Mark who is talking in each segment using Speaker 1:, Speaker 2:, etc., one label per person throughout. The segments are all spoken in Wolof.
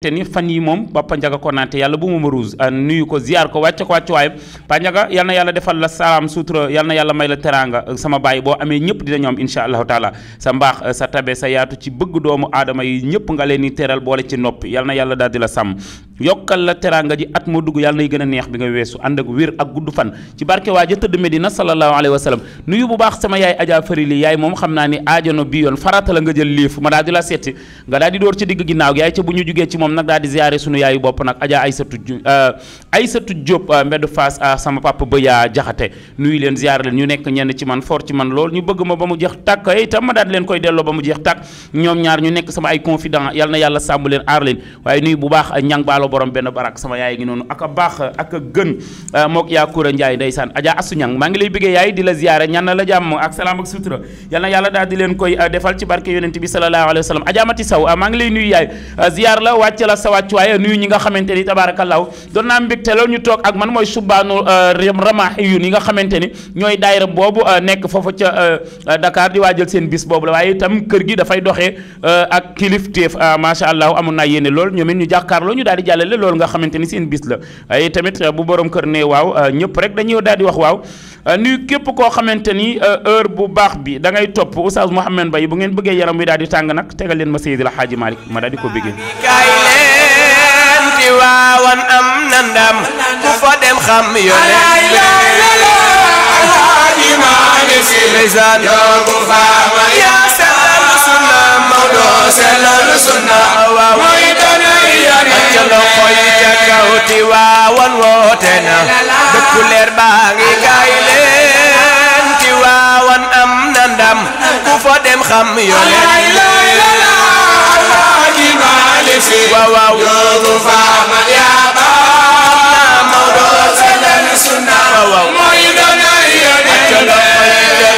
Speaker 1: te ni fan yi moom Papa Ndiaga Konaté yàlla bu mu maruus nuyu ko ziar ko wàcce ko wàcce waaye Papa Ndiaga yal yàlla defal la saam sutura yal na yàlla may la teranga sama baay boo amee ñëpp dinañu ñoom insha allahu taala sa mbaax sa tabe sa yaatu ci bëgg doomu aadama yi ñëpp nga leen di teral boole ci nopp yal na yàlla daal di la sàmm yokkal la teraanga ji at moo dugg yàlla nay gën a neex bi nga weesu ànd ak wér ak gudd fan ci barke waa ja tëdd Medina sallallahu alayhi wa sallam nuyu bu baax sama yaay Adja Farili yaay moom xam naa ni aajono bi yoon farata la nga jël liif ma daal la seeti nga daal door ci digg ginnaaw yaay ca bu ñu jugee ci moom nag daal di sunu yaayu bopp nag Adja Aysatu euh, Aysatu Diop euh, mbedd Fass euh, sama papa Bëya Jaxate nekk ñenn ci man fort ci man lool ñu bëgg ma ba mu jeex tàkk eh, itam ma daal di leen koy delloo ba mu jeex tàkk ñoom ñaar ñu nekk sama ay confident yàlla na yàlla sàmm leen aar leen waaye nuyu bu baax ñang baalo borom ben barak sama yaay gi nonu ak a baax ak geun mok ya kura ndjay ndaysan aja asu ñang ma ngi lay bëgge yaay di la ziaré ñan na la jamm ak salam ak sutura yalla na yàlla daal di len koy euh, defal ci barke yonent bi sallallahu alaihi wasallam aja mati saw euh, ma ngi lay nuyu yaay euh, ziar la wacc la sa wacc waaye nuyu ñi nga xamanteni tabarakallah do na naa mbégte lool ñu tok ak man mooy subaanu ramahiyu yi nga xamanteni ñoy bobo daayira nek nekk foofu Dakar di wajjal seen bis bobu la tam itam kër gi fay doxé ak kilifteef sha allah amuna yene lol ñu min ñu jakkar lo ñu daal di jaale la loolu nga xamante ni seen bis la ay tamit bu borom kër ne waaw ñëpp rek dañuy daal di wax waaw nuyu képp koo xamante ni heure bu baax bi da ngay topp oustaz Mouhamed Mbaye bu ngeen bëggee yaram wi daal di tàng nag tegal leen ma Seydi El Hadji Malick ma daal ko bëggee kaay
Speaker 2: leen ci waawan am na ndam ku fa dem xam yone doo sellal sunna muy danay yare ca loxo yi ca kaw ti waawan woote na dëkku leer baa ngi gaay leen ti waawan am na ndam ku fa dem xam yoneen waaw waaw doogu faama yaa baa Maodo sellal sunna muy danay yare ca loxo yi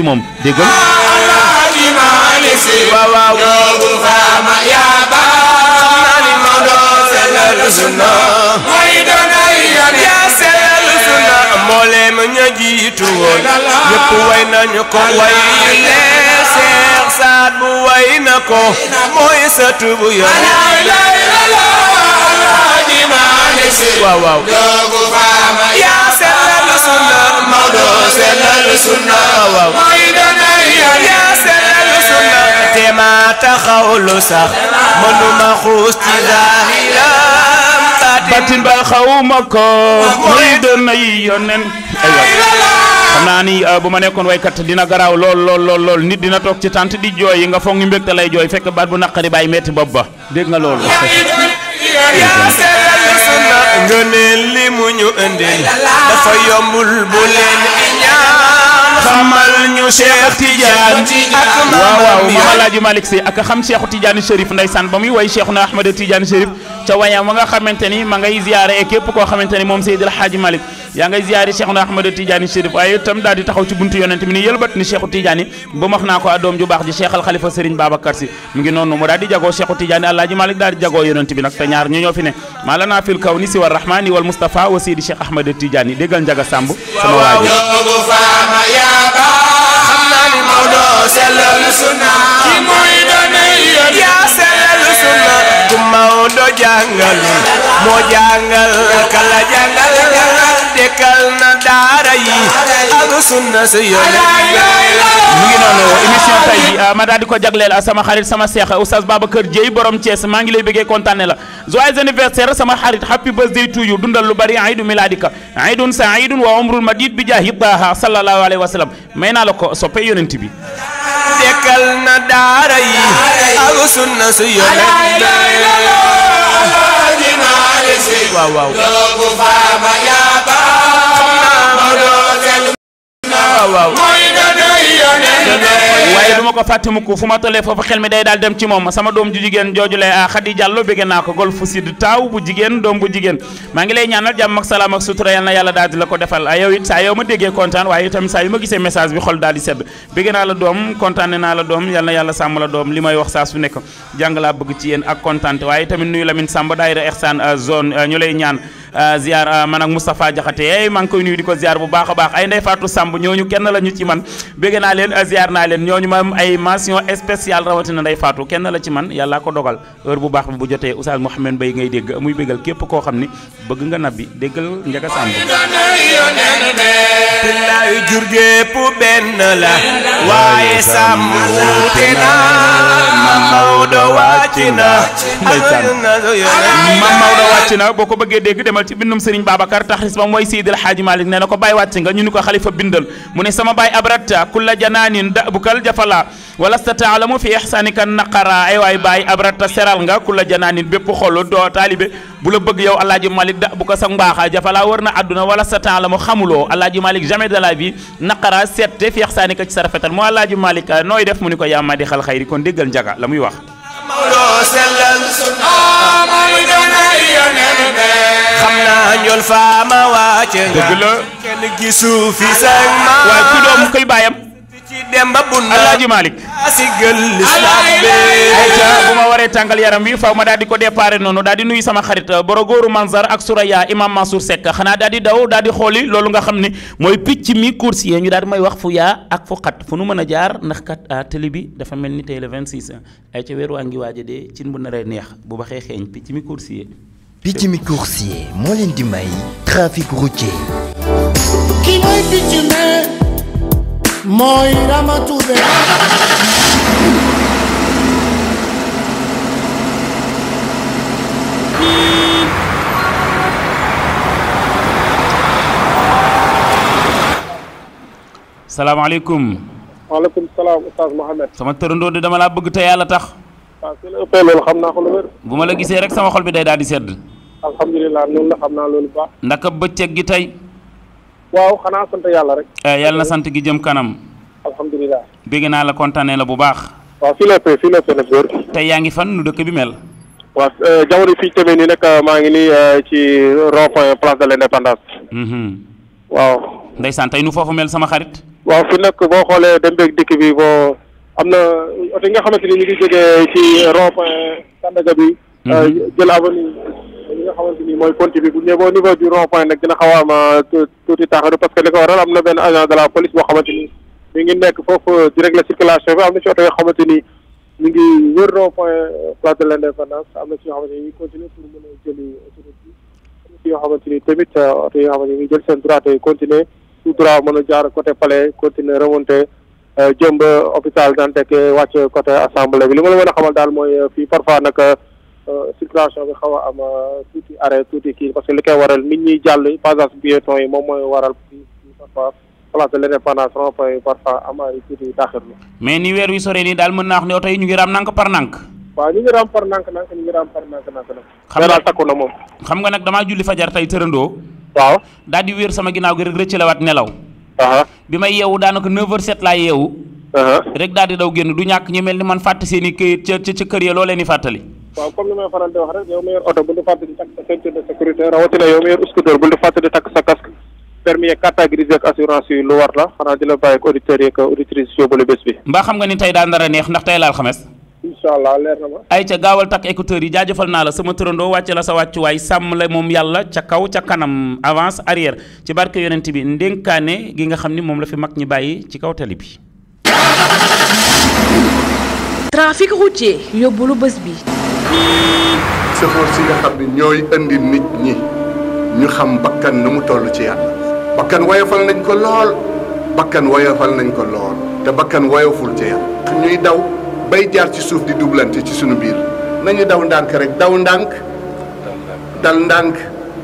Speaker 1: ci moom déggal
Speaker 2: waaw waaw mbooleem ña jiitu woon ñëpp way nañu ko way leer seex saat bu way na ko mooy sa Sunnah Maodo sellal sunnah wa maidana doona ya yaa sunnah tema te ma taxawlu sax mënuma xuus ci batin ba xawma ko maidana doona yonen xam
Speaker 1: naa ni bu ma dina garaaw lool nit dina ci di nga fekk bu metti nga
Speaker 2: ngëneel li mu ñu indil dafa yombul bu leen xamal ñu Cheikh Tidiane ak waaw waaw Mama Laaji
Speaker 1: Malick Sy ak xam Cheikh Tidiane ba muy way Cheikhuna Ahmad Tidiane Chérif ca wayam ma nga xamante ni ma ngay ziyaare képp koo xamante ni moom Seydil Hadji Malick ya ngay ziyaare Cheikhuna Ahmad Tidiane Chérif waaye itam daal di taxaw ci buntu yonent bi ni yëlbat ni Cheikh Tidiane ba max naa ko a doom ju baax ji Cheikh al Khalifa Serigne Babacar Sy mu ngi noonu mu daal di jagoo Cheikh Tidiane Alaaji Malick daal di jagoo bi nag ñoo fi ne maa lanaa fil kawni si wa rahmani wal
Speaker 2: moo sellal sunna ki mooy doone yoon yaa sellal sunna ku Maodo mu ngi noonu
Speaker 1: émission tay bi ma daal di ko jagleel sama xarit sama seex oustaz Babacar Dieye borom Thiès maa ngi lay bëggee kontaane la joyeux anniversaire sama xarit happy birthday to you dundal lu bari aydu miladika aydun saidun wa umrul madid bi jaahi taaha sallallahu alayhi wa sallam may naa la ko soppe yonent bi
Speaker 2: dekkal na daara yi ak sunna su yonent waaw waaw waaw waaw waaye
Speaker 1: du ko fàtte mukk fu ma tollee foofu xel mi day daal dem ci moom sama doom ju jigéen jooju lay a ah, Xadi Jàllo bëgg naa ko Golf Sud taaw bu jigéen doom bu jigéen maa ngi lay ñaanal jàmm ak salaam ak sutura yal na yàlla daal di la ko defal a ah, yow it saa yow ma déggee kontaan waaye itam saa yu ma gisee message bi xol daal di sedd bëgg naa la doom kontaane naa la doom yal na yàlla sàmm la doom li may wax saa su nekk jàng laa bëgg ci yéen ak kontaante waaye tamit nuyu Lamine Samba daayira Ihsan ah, zone ñu lay ñaan Euh, ziar euh, man ak Moustapha Diakhaté ey maa ngi koy nuyu di ko ziar bu baax a baax ay Ndeye Fatou Samb ñooñu kenn la ñu ci man bëgg naa leen euh, ziar naa leen ñooñu mam ay mention spéciale rawatina Ndeye Fatou kenn la ci man yàlla ko dogal heure bu baax bi bu jotee Oustaz Mouhamed Mbaye ngay dégg muy bégal képp koo xam ni bëgg nga nabbi déggal Ndiaga Samb
Speaker 2: billaayu jur gépp benn la waaye sàmm wuute na Mame Maodo wàcc
Speaker 1: wàcc na boo ko bëggee dégg demal dugal ci bindum Serigne babakar taxris ba mooy Seydil Xaaji Malik ne nako bay bàyyi nga ñu ni ko xalifa bindal mu ne sama bay abratta kulla janaanin dabukal jafala wala sa fi ihsanika naqara ay way bay abratta seral nga kulla janaanin bépp xol do talibe bu la bëgg yow alhaj Malik dabuka sax mbaxa jafala warna aduna wala sa xamulo alhaj Malik jamais de la vie naqara sette fi ihsanika ci sa mo alhaj Malik noy def mu ni ko yaa khal di kon déggal njaga lamuy wax
Speaker 2: mawloo sellal sunna mooy doonay yoneen be xam naa ñool faama waa ca nga dëgg la kenn gisu fi sag ma waaye ku doom koy baayam alaaji Malick ayca bu ma waree tàngal yaram wi faaw ma daal di ko déparé
Speaker 1: noonu daal di nuy sama xarit uh, borogóoru Manzar ak Suraya Imam Mansour Seck xanaa daal di daw daal di xooli loolu nga xam ne mooy picc mi course yi ñu daal di may wax fu yaa ak fu xat fu nu mën a jaar ndax kat uh, télé bi dafa mel ni tey le 26 uh. ayca weer waa ngi waaj a dee cin bu naree neex bu baxee xeeñ picc mi course yi
Speaker 3: picc mi coursier moo leen di may trafic Moira Mature.
Speaker 1: salaamaaleykum.
Speaker 4: salaam Oustaz Mohamed.
Speaker 1: sama tërëndoo de dama laa bëgg te yàlla tax. waaw bu ma la gisee rek sama xol bi day daal di sedd.
Speaker 4: alhamdulilah noonu la xam naa loolu baax.
Speaker 1: ndaka bëccëg gi tey.
Speaker 4: waaw xanaa sant yàlla rek.
Speaker 1: Eh, yàlla na sant gi jëm kanam. alhamdulilah. bëgg naa la kontaanee la bu baax. waaw fii la tey yaa ngi fan nu dëkk bi mel.
Speaker 4: waa eh, jamono fii tamit nii nag eh, maa ngi nii ci rond-point place de l'indépendance. Mhm. waaw.
Speaker 1: ndeysaan tey nu foofu mel sama xarit.
Speaker 4: waaw fi nekk boo xoolee dem beeg dikk bi boo am na oto yi nga xamante ni ñu ngi jógee ci rond-point bi. Mhm. jël li nga xamante ni mooy ponti bi bu ñëwee au niveau du rond point dina xaw am euh, tuuti taxaru parce que li ko waral am na benn agent de la police boo xamante ni mi ngi nekk foofu di régler circulation am na ci oto yoo xamante ni ñu ngi wër rond point euh, place am na ci yoo xamante ni ñu continuer pour a am na ci yoo xamante ni tamit euh, oto yoo xamante ni ñu jël seen droit tey continuer tout droit mën a jaar côté palais continuer remonter jëm ba hôpital Dantec wàcc côté assemblée bi li ma la mën a xamal daal mooy fii parfois nag. circulation euh, bi xaw a am euh, tuuti arrêt tuuti kii parce que li koy waral nit ñi jàll passage piéton yi moom mooy waral place de l'indépendance rond-point yi parfois am ay tuuti daaxirlu
Speaker 1: mais ni weer wi sore nii daal mën naa wax ne oto yi ñu ngi raam nànk par nànk
Speaker 4: waaw ñu ngi raam par nànk nànk ñu ngi raam par nànk
Speaker 1: nànk xam nga nag damaa julli fajar tey tërandoo waaw daal di wéer sama ginnaaw gi rek rëcc nelaw bi may yeewu daanaka 9 h laa yeewu rek daal di daw génn du ñàkk ñu mel ni man fàtte seen i këyit ca kër ya loo leen di fàttali.
Speaker 4: waaw comme li may faral di wax rek yow mi yor oto bul di fàtte di takk sa ceinture de sécurité rawatina yow di fàtte yi lu war la xanaa di la bàyyi ak auditeurs yeeg auditrices yóbbalu bés bi. mbaa xam
Speaker 1: nga ni tey daan dara neex ndax tey laal xames. ay ca gaawal takk écouteurs yi jaajëfal naa la sama tërandoo wàcce la sa wàcc wàccuwaay sàmm la moom yàlla ca kaw ca kanam avance arrière ci barke yonent bi ndénkaane gi nga xam ni moom la fi mag ñi bàyyi ci kaw tali bi
Speaker 5: trafic routier yóbbu lu bés bi.
Speaker 6: sëfoor si nga xam ne ñooy indi nit ñi ñu xam bakkan nu mu toll ci yàlla bakkan woyofal nañ ko lool bakkan woyofal nañ ko lool te bakkan woyoful ci yàlla. ñuy daw bay jaar ci suuf di dublante ci sunu biir nañu daw ndànk rek daw ndànk dal ndànk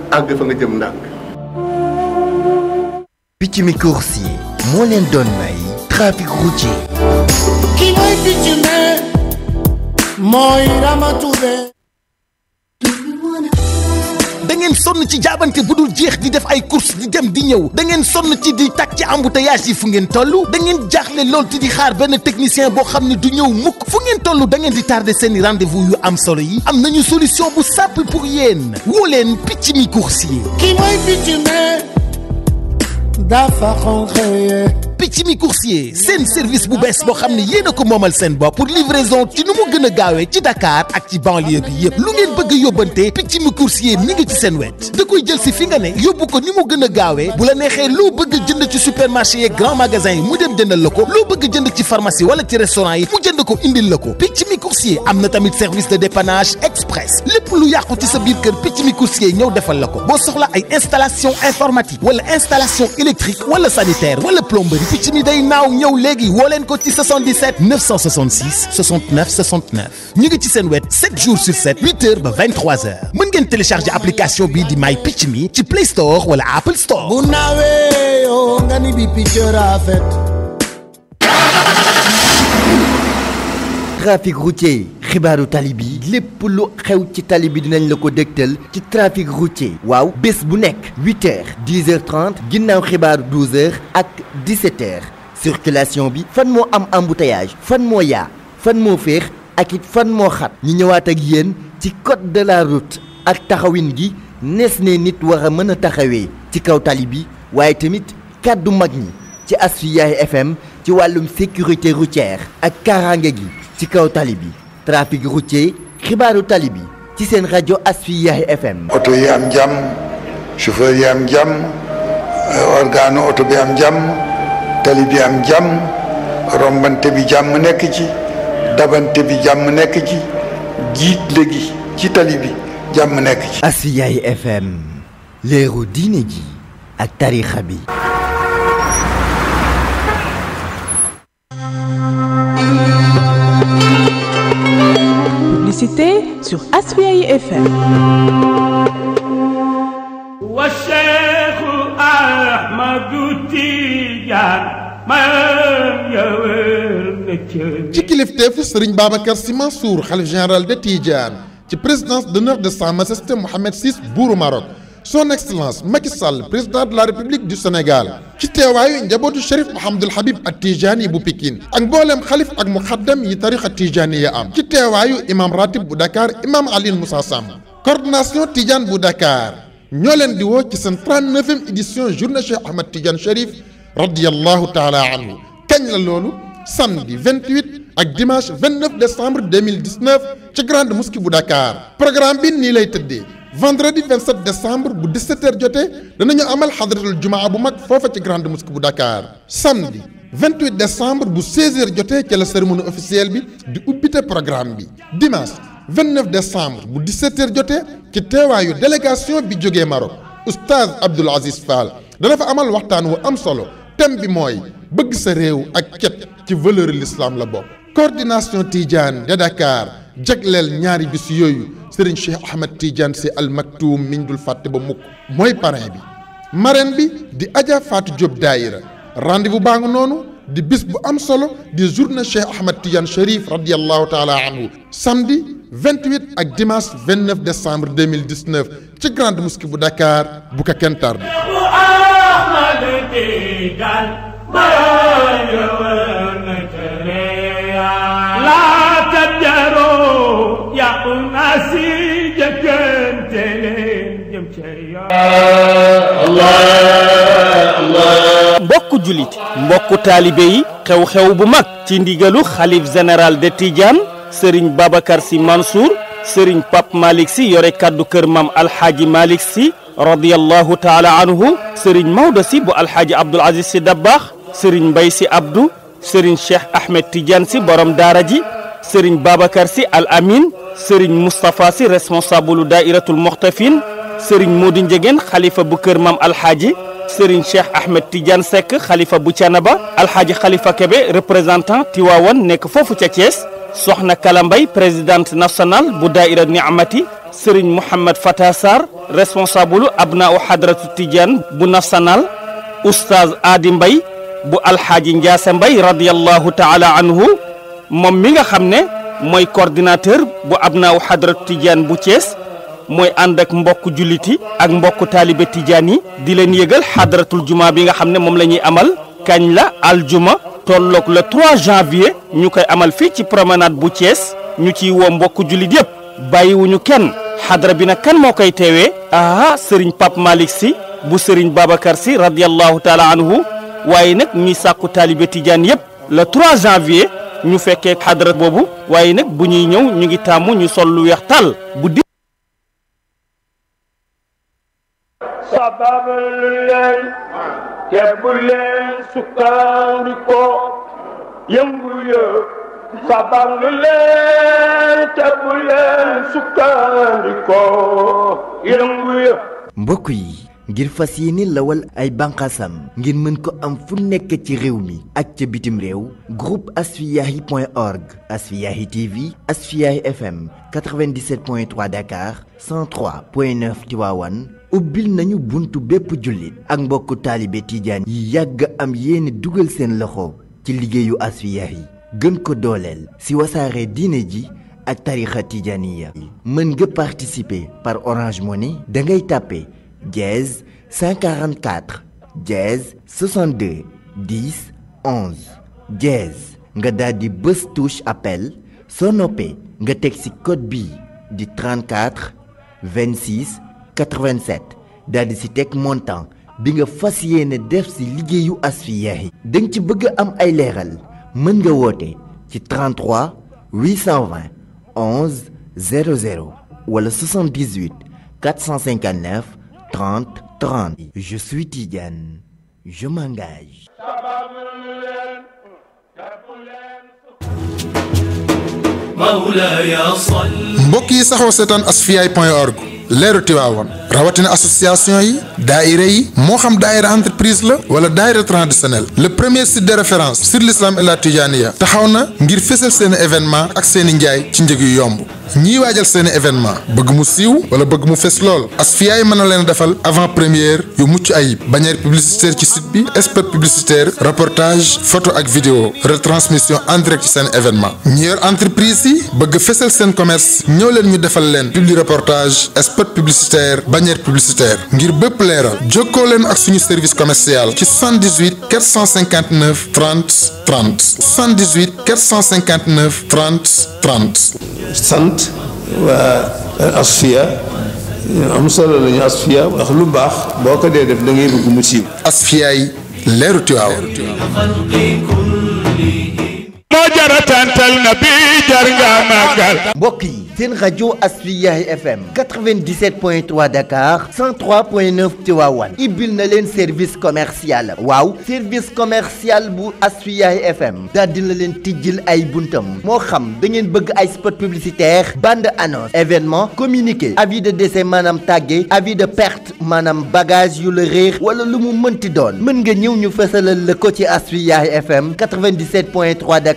Speaker 6: àgg fa nga jëm ndànk.
Speaker 3: picc mi course yi moo leen may. trafic routier. ki mooy picc ne mooy ramatu ne.
Speaker 7: da ngeen sonn ci jaabante bu dul jeex di def ay course di dem di ñëw da ngeen sonn ci di tàkk ci embouteillage yi fu ngeen toll da ngeen jaaxle lool ti di xaar benn technicien boo xam ne du ñëw mukk fu ngeen toll da ngeen di tardé seen i rendez-vous yu am solo yi am nañu solution bu simple pour yéen woo leen picc mi coursier. ki mooy picc ne dafa xonqee Petimi Coursier c'est un service bu bees bo xam ne ko momal sen bopp pour livraison ci nu mu gën a ci Dakar ak ci banlieue bi yépp lu ngeen bëgg yobanté yóbbante Petimi Coursier mi ngi ci sen wet da koy jël ci fi nga né yóbbu ko ni mu gën a gaawee bu la nexé loo bëgg jënd ci supermarché et grand magasin mu dem jëndal lako ko bëgg jënd ci pharmacie wala ci restaurant yi mu jënd ko indil la ko Petimi Coursier amna tamit service de dépannage express lépp lu yàqu ci sa biir kër Petimi Coursier ñew défal lako bo soxla ay installation informatique wala installation électrique wala sanitaire wala plomberie Pitchmi day now ñëw léegi Wallenkoti 77 966 69 69 ñu 7 jours sur 7 8 heures 23 heures mën ngeen télécharger application My Pitchmi. Ti Play Store wala Apple Store.
Speaker 3: graphique trafic routier xibaaru talibi, les lépp lu xew ci tali dinañ la ko dégtal ci trafic routier waaw bés bu nekk 8h 10h30 ginnaaw xibaaru 12h ak 17h circulation bi fan moo am embouteillage fan moo yaa fan moo féex ak it fan moo xat ñu ñëwaat ak yéen ci code de la route ak taxawin gi nees ne nit war a mën a taxawee ci kaw tali bi tamit kàddu mag ci FM ci wàllum sécurité routière ak karange gi ci kaw tali trafic routier xibaaru tali bi ci seen rajo Asfiyahi FM.
Speaker 6: oto yi am jàmm chauffeur yi am jàmm organe oto bi am jàmm tali bi am jàmm rombante bi jàmm nekk ci dabante bi jàmm nekk ci jiit léegi ci tali bi
Speaker 3: jàmm nekk ci. Asfiyahi FM leeru diine ji ak tariixa bi.
Speaker 5: publicité sur Asfiyahi FM.
Speaker 6: ci kilifteefu Serigne Babacar Sy Mansour général de Tidiane ci présidence d'honneur de Sa Majesté Mohamed VI buuru Maroc son excellence Macky Sall président de la république du Sénégal ci teewaayu njabootu Mohamed El Habib at Tijani bu Pikine ak mbooleem Khalif ak yi Tijani am ci imam ratib bu Dakar imam Ali Moussa Sam... coordination Tijan bu Dakar ñoo di wo ci 39e édition journée Cheikh Ahmed Tijani Chérif radiyallahu taala anhu kagn la samedi 28 ak dimanche 29 décembre 2019 ci grande mosquée bu Dakar programme bi ni vendredi 27 décembre bu 17h jotee danañu amal Hadratul jumaa bu Mak, fofa ci grande mosquée bu Dakar samedi 28 décembre bu 16h jotee C'est la cérémonie officielle bi di programme bi dimanche 29 décembre bu 17h jotee ci téwayu délégation bi jógee Maroc oustaz Abdul Aziz Fall dana fa amal waxtan wu am solo thème bi moy bëgg sa réew ak kët ci valeur l'islam la bas coordination Tidiane de Dakar jagleel ñaari bis sëriñ Cheikh Ahmed Tidiane Sy Al Maktoum miñ dul fàtte ba mukk mooy parrain bi marraine bi di Adja Fatou Diop daayira rendez-vous baa nga noonu di bis bu am solo di journée Cheikh Ahmed Tidiane Chérif radiallahu taala anhu samedi 28 ak dimanche 29 décembre 2019 ci grande mosquée bu Dakar bu ko kenn tardé
Speaker 2: laa tajjaro yàqu si
Speaker 8: jëkkante leen jëm
Speaker 9: xew-xew bu mag ci ndigalu xalif général de Tidiane sëriñ Babacar Sy Mansour sëriñ Pape Malick Sy yore kàddu kër maam alxaaji Malick Sy radiyallahu taala anhu sëriñ Maodo Sy bu alxaaji Abdoul Aziz Sy Dabakh sëriñ Mbaye Sy Abdou sëriñ Cheikh Ahmed Tidiane Sy borom daara ji Serigne Babacar Sy Al Amin Serigne Moustapha Sy responsable dairatul Moxtafin Serigne Modou Ndiéguène xalifa bu kër Maam Alxaaji Serigne Cheikh Ahmed Tidiane Seck xalifa bu Thiénaba Alxaaji Xalifa Kebe représentant Tiwaawan nekk foofu ca Thiès Soxna Kalambay présidente nationale bu daaira Niamati Serigne Mouhamad Fata Sarr responsable abnaa u hadratu Tidiane bu national Oustaz Adi Mbay bu Alxaaji Ndiasse Mbay radiyallahu taala anhu moom mi nga xam ne mooy coordinateur bu Abnaaw Hadratu Tidiane bu Thiès mooy ànd ak mbokku julliti ak mbokku taalibe Tidiane yi di leen yëgal hadratul juma bi nga xam ne moom la ñuy amal kañ la aljuma tolloog le 3 janvier ñu koy amal fii ci promenade bu Thiès ñu ci woo mbokku jullit yëpp bàyyiwuñu kenn xadra bi nag kan moo koy teewee ah sëriñ Pape Malick si bu sëriñ Babacar si radiyallahu taala anhu waaye nag ñuy sàkku taalibe Tidiane yëpp le 3 janvier. ñu fekkee xadara boobu waaye nag bu ñuy ñëw ñu ngi tàmm ñu sol lu weex tàll bu di
Speaker 10: sababal leen kebbu leen sukkandikoo yëngu yëpp sababal leen kebbu leen sukkandikoo
Speaker 3: yëngu yëpp mbokk yi ngir fas lawal ay bànqaasam ngir mën ko am fu nekk ci groupe asfiyahi tv asfiyahi fm 97 dakar 103.9 point 9 ubbil nañu buntu bépp jullit ak mbokku taalibe tidiane yi yàgg am yéene dugal seen loxo ci asfiyahi gën ko si ji participer par orange money da ngay 10 144 10 62 10 11 10. nga di touche appel Sonopé nga code bi, 34 26 87 Dadi si tek montant bi nga def si Asfiyahi Deng ci bëgg am ay mën nga 33 820 11 00 wala 78 459 30 30. Je suis Tidiane. Je m'engage.
Speaker 8: mbokk yi
Speaker 6: saxoo seetaan asfiyahi point org leeru Tiwaawan rawatina association yi daaira yi moo xam daaira entreprise la wala daaira traditionnel le premier site de référence sur l'islam et la Tijaniya taxaw na ngir fësal seeni événement ak seeni njaay ci njëg yu yomb ñii waajal seen événement bëgg mu siiw wala bëgg mu fes lool Asfiyahi mën leen defal avant première yu mucc ayib bannière publicitaire ci site bi spot publicitaire reportage photo ak vidéo retransmission en direct ci seen événement ñi yor entreprise yi bëgg fesal seen commerce ñëw leen ñu defal leen publi reportage spot publicitaire bannière publicitaire ngir bépp leeral jokkoo leen ak suñu service commercial ci 78 459 30 30 78 459 30 30. sant waa asfiya am solo la ñu asfiya ndax lu baax boo ko dee def da ngay bëgg mu siiw asfiya yi
Speaker 3: Boki, une radio na FM 97.3 Dakar 103.9 Tivaouane ibbil na service commercial Wow, service commercial bu Asriya FM daal dina leen Moham ay buntam moo xam spot publicitaire bande annonce événement communiqué avis de décès Manam Tagué, avis de perte madame bagage yu le réer wala lu mu mënti don mën nga ñu le ko FM 97.3 Dakar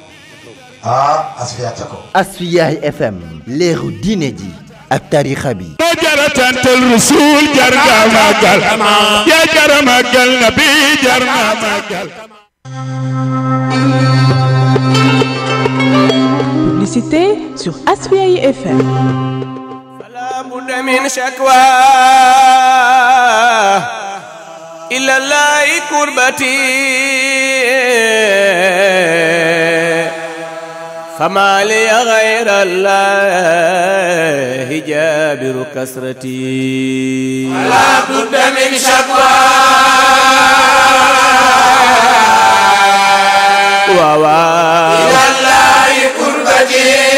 Speaker 3: أسفياتكو اف ام ليرو دينيدي التاريخ بي
Speaker 6: جرت انت الرسول جرنا ما قال يا جرى ما قال نبي جرنا ما قال
Speaker 5: Publicité sur Asfiaï FM.
Speaker 2: من شكوى الى الله قربتي فما لي غير الله جابر كسرتي فلا بد من شكوى ووا إلى الله قربتي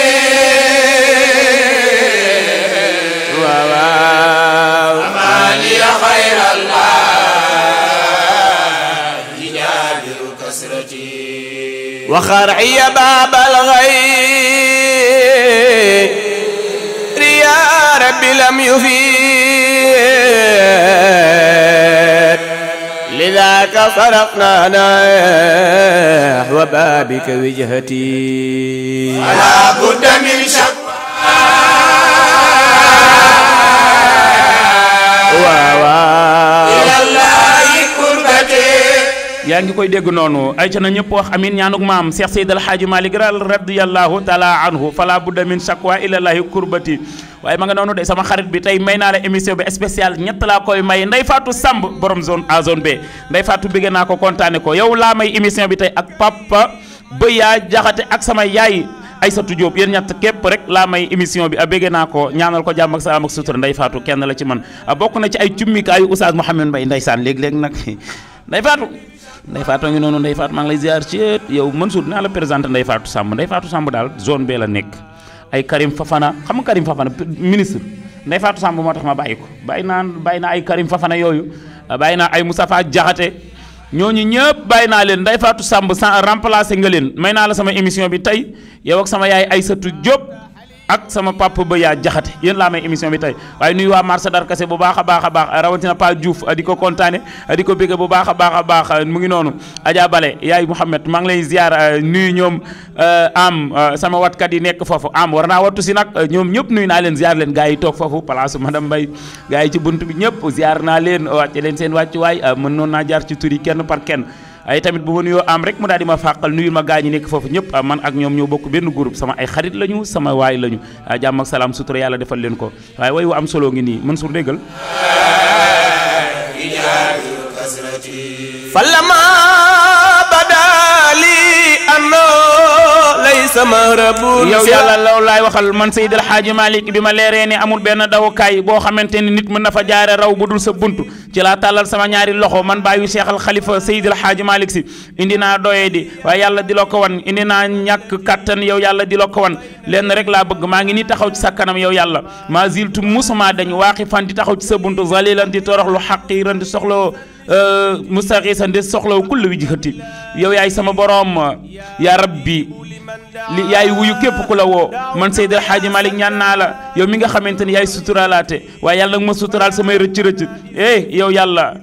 Speaker 2: وخرعي باب الغير يا ربي لم يفيد لذاك صرفنا نحو بابك وجهتي ولا
Speaker 10: بد من شك
Speaker 1: yaa ngi koy dégg noonu ay ca na ñëpp wax amin ñaanuk maam Cheikh Seyd Alhaaji Malick a radiyallahu taala anhu fala budda min shakwa ilallahi kurbati waaye ma nga noonu de sama xarit bi tey may naa la émission bi spéciale ñett laa koy may Ndeye Fatou Samb borom zone A zone B Ndeye Fatou naa ko kontaane ko yow laa may émission bi tey ak papa Beya Jaxate ak sama yaay Aysatu Diop yéen ñett képp rek laa may émission bi a bëgg naa ko ñaanal ko jàmm ak salaam ak sutura Ndeye Fatou kenn la ci man bokk na ci ay cummikaayu Oustaz Mouhamed Mbaye ndeysaan léegi-léegi nag Ndeye Ndeye Fatou a ngi noonu Ndeye Fatou maa ngi lay ziar ci yow Mansour dinaa la présenté Ndeye Fatou Samb Ndeye Fatou Samb daal zone bee la nekk ay Karim Fafana xam nga Karim Fafana ministre Ndeye Fatou Samb moo tax ma bàyyi ko bàyyi naa bàyyi naa ay Karim Fafana yooyu bàyyi naa ay Moustapha Diakhaté ñooñu ñëpp bàyyi naa leen Ndeye Fatou Samb sa remplacé nga leen may naa la sama émission bi tey yow ak sama yaay ay Aïssatou Diop ak sama papa ba yaa jaxate yéen laa may émission bi tey waaye nuyu waa marché darkase bu baax a baax a baax rawatina Pa Diouf di ko kontaane di ko bégge bu baax a baax a baax mu ngi noonu Adja Bale yaay Mouhamed maa lay ziar euh, nuyu ñoom euh, am euh, sama wat watkat yi nekk foofu am war naa wattu si nag ñoom ñëpp nuyu naa leen ziar leen gaa yi toog foofu place madame mbay gars yi ci bunt bi ñëpp ziar naa leen wàcce leen seen wàccuwaay mën noonu naa jaar ci tur kenn par kenn ay tamit bu ma nuyoo am rek mu daal di ma fàqal nuyul ma gaa ñi nekk foofu a ah, man ak ñoom ñoo bokk benn groupe sama ay xarit lañu sama waay lañu ah, jàmm ak salaam sutura yàlla defal leen ko waaye way am solo ngi nii Mansour déggal
Speaker 2: فلما بدا لي أنه sama rabbu yow yàlla law laay waxal
Speaker 1: man Seydi El Hadji Malick bi ma leeree ni amul benn dawukaay boo xamante ni nit mën na fa jaare raw bu dul sa buntu ci laa tàllal sama ñaari loxo man bàyyu Cheikh Al xalifa Seydi El Hadji Malick si indi naa doye di waaye yàlla di la ko wan indi naa ñàkk kattan yow yàlla di la ko wan lenn rek laa bëgg maa ngi ni taxaw ci sa kanam yow yàlla ma ziltu musuma dañ waaqifan di taxaw ci sa buntu zalilan di toroxlu xaqiran di soxloo Euh, Moussa Issa Ndes soxlaw kulla wi jixati yow yaay sama borom yaa rabbi li yaay wuyu képp ku la woo man Seydi El Hadji Malick ñaan naa la yow mi nga xamante ni yaay suturaalaate waaye yàlla nga ma suturaal samay rëcc rëcc eh yow yàlla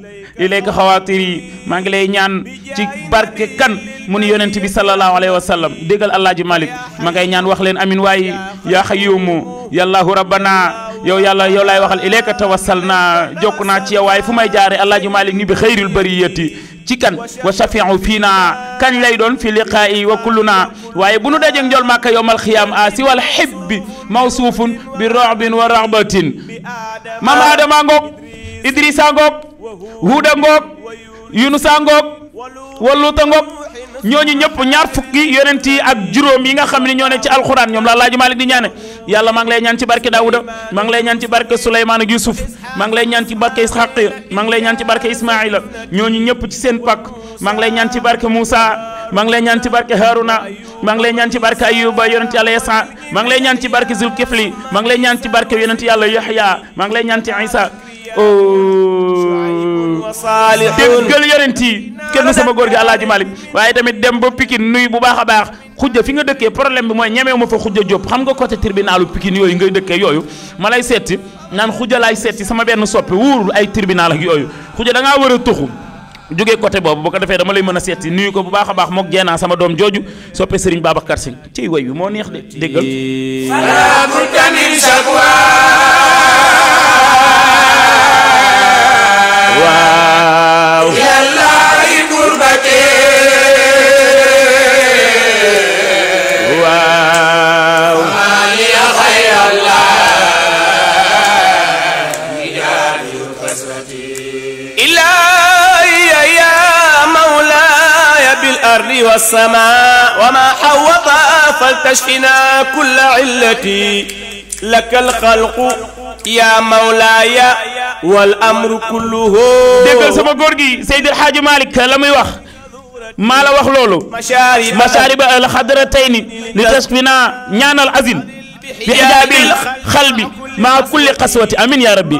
Speaker 1: ilayka khawatiri ma ngi lay ñaan ci barke kan mun yonent bi sallallahu alayhi wasallam degal ji malik ma ngay ñaan wax leen amin wayi ya khayyumu ya allah rabbana yow yalla yow lay waxal ilayka tawassalna jokna ci yow way fu may jaare ji malik ni bi khairul bariyati ci kan wa shafi'u fina kan lay don fi liqa'i wa kulluna waye bu nu dajje njol makka yowmal khiyam si wal hibb mawsufun bi ra'bin wa ra'batin mam adama ngok idrisa ngok huuda ngoog yunusa ngoog walluuta ngoog ñooñu ñëpp ñaar fukki yonent yi ak juróom yi nga xam ne ñoo ne ci alxuraan ñoom la laaju Maalik di ñaane yàlla maa ngi lay ñaan ci barke Daawuda maa ngi lay ñaan ci barke Suleymaan ak Yuusuf maa ngi lay ñaan ci barke Isxaq maa ngi lay ñaan ci barke Ismaayila ñooñu ñëpp ci seen pàkk maa ngi lay ñaan ci barke Muusa maa ngi lay ñaan ci barke Haaruna ma ngi lay ñaan ci barke ayuba yonent yàlla yasa ma ngi lay ñaan ci barke zulkifli ma ngi lay ñaan ci barke yonent yàlla yaxya lay ñaan ci isa oh. yonent yi kenn sama góor gi alaaji malik waaye tamit dem ba pikin nuyu bu baax a baax xujja fi nga dëkkee problème bi mooy ñemewu ma fa xujja jóob xam nga côté tribunalu pikin yooyu ngay dëkkee yooyu malay lay nan xujja laay sama benn soppi wuur ay tribunal ak yooyu xujja da ngaa war tuxu jógee côté boobu bu ko defee dama lay mën a seet si nuyu ko bu baax a baax mook jeenaa sama doom jooju soppe Serigne Babacar Sy ciy way bi moo neex de
Speaker 11: déggal
Speaker 2: والسماء وما حوطها فلتشفنا كل علتي لك الخلق يا مولاي والأمر كله دقل سما غورغي سيد الحاج مالك لمي واخ مالا واخ وخ
Speaker 1: لولو مشارب الخضرتين لتشفنا نيان العزيم بحجاب الخلب مع كل قسوة أمين يا ربي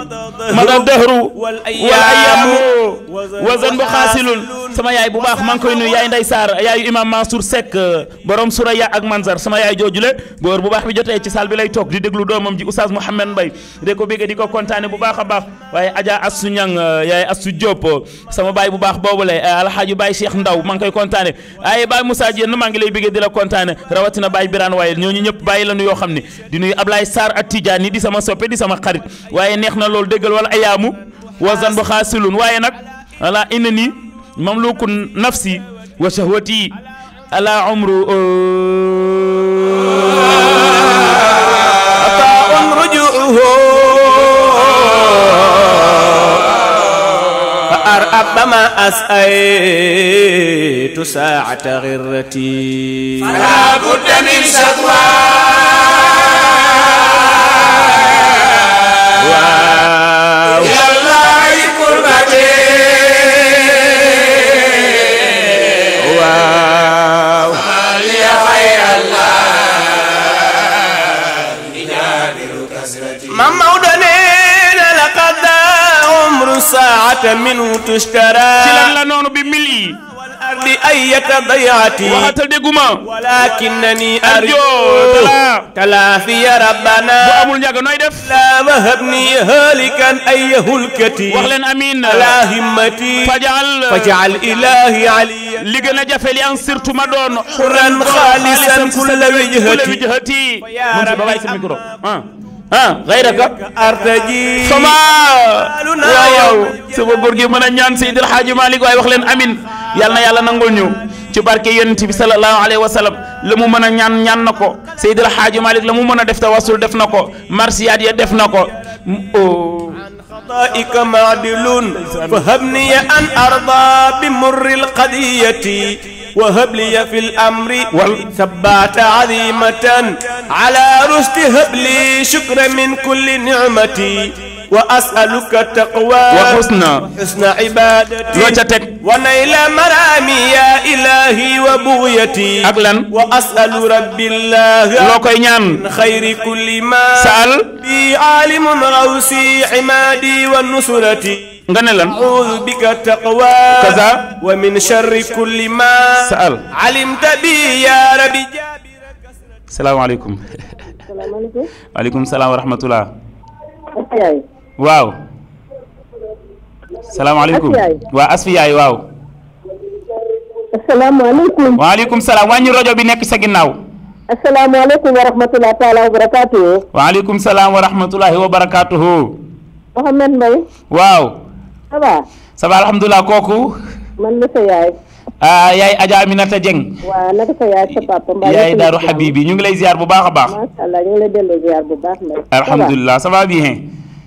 Speaker 1: مضى الدهر والأيام وزن خاسل sama yaay bu baax maa ngi koy nuyu yaay Ndey Saar yaayu imam Mansour Seck euh, borom Suraya ak Manzar sama yaay joojule góor bu baax bi jotee ci salle bi lay toog di déglu doomam ji Oustaz Mouhamed Mbaye de ko bégg di ko kontaane bu baax a baax waaye Adja Assu Ñang euh, yaay Assu Diop euh, sama baay bu baax boobule alxaaji baay Cheikh Ndaw maa ngi koy kontaane ay baay Moussa Diène maa ngi lay bégg di la kontaane rawatina baay Birane waaye ñooñu ñëpp bàyyi la nu yoo xam ne di nuyu Ablaye Sarr ak Tidiane di sama soppe di sama xarit waaye neex na loolu déggal wala ayaamu wasan مملوك نفسي وشهوتي ألا عمر أه.
Speaker 2: أطاع رجوعه فأرأب ما أسأيت ساعة غرتي فلا بد من شكوى ومالي خير الله بجابر كسرتي مما ودنين لقد عمر ساعة منه تشترى شلال لا نون بملئي الأرض أية ضيعتي ولكنني أرجو تلافي ربنا لا وهبني هالكا أي هلكتي على همتي إلهي علي li gën a jafe li an sirtu ma doon xurran xaalisan kulla wijhati mun si ba bàyyi sa micro
Speaker 10: ah
Speaker 1: ah xayraka artaji sama waaw sama góor gi mën a ñaan Seydil Hadji Malick waaye wax leen amin yàlla na yàlla nangul ñu ci barke yonent bi sallallahu alayhi wa sallam la mu mën a ñaan ñaan na ko Seydil Hadji Malick la mu mën a def tawassul
Speaker 2: def na ko marsiyaat ya def na ko oh. عطائك معدل فهبني أن أرضى بمر القضية وهب لي في الأمر والثبات عظيمة على رشد هب لي شكر من كل نعمتي wa asaluka taqwa wa xusna xusna ibadati loo ca teg wa nayla marami ya ilahi wa bugyati ak lan wa asalu rabbillah loo koy ñaan xayri kulli ma saal bi alimun rawsi imadi wa nusrati nga ne lan audu bika taqwa kaza wa min charri kulli ma saal alimta bi ya rabbi
Speaker 1: salaamaaleykum waaleykum salaam wa rahmatullah waaw salaamaaleykum waa asfiyaay waaw
Speaker 12: asalaamaaleykum
Speaker 1: waaleykum salaam wàññi rajo bi nekk sa ginnaaw
Speaker 12: asalaamaaleykum wa rahmatulah taala wa barakaatuhu
Speaker 1: waaleykum salaam wa rahmatulahi wa barakaatuhu waaw ça alhamdulilah kooku man la sa yaay ah yaay Adja Aminata yaay Daaru Habibi ñu ngi lay ziar bu baax a baax.
Speaker 12: macha allah alhamdulilah ça va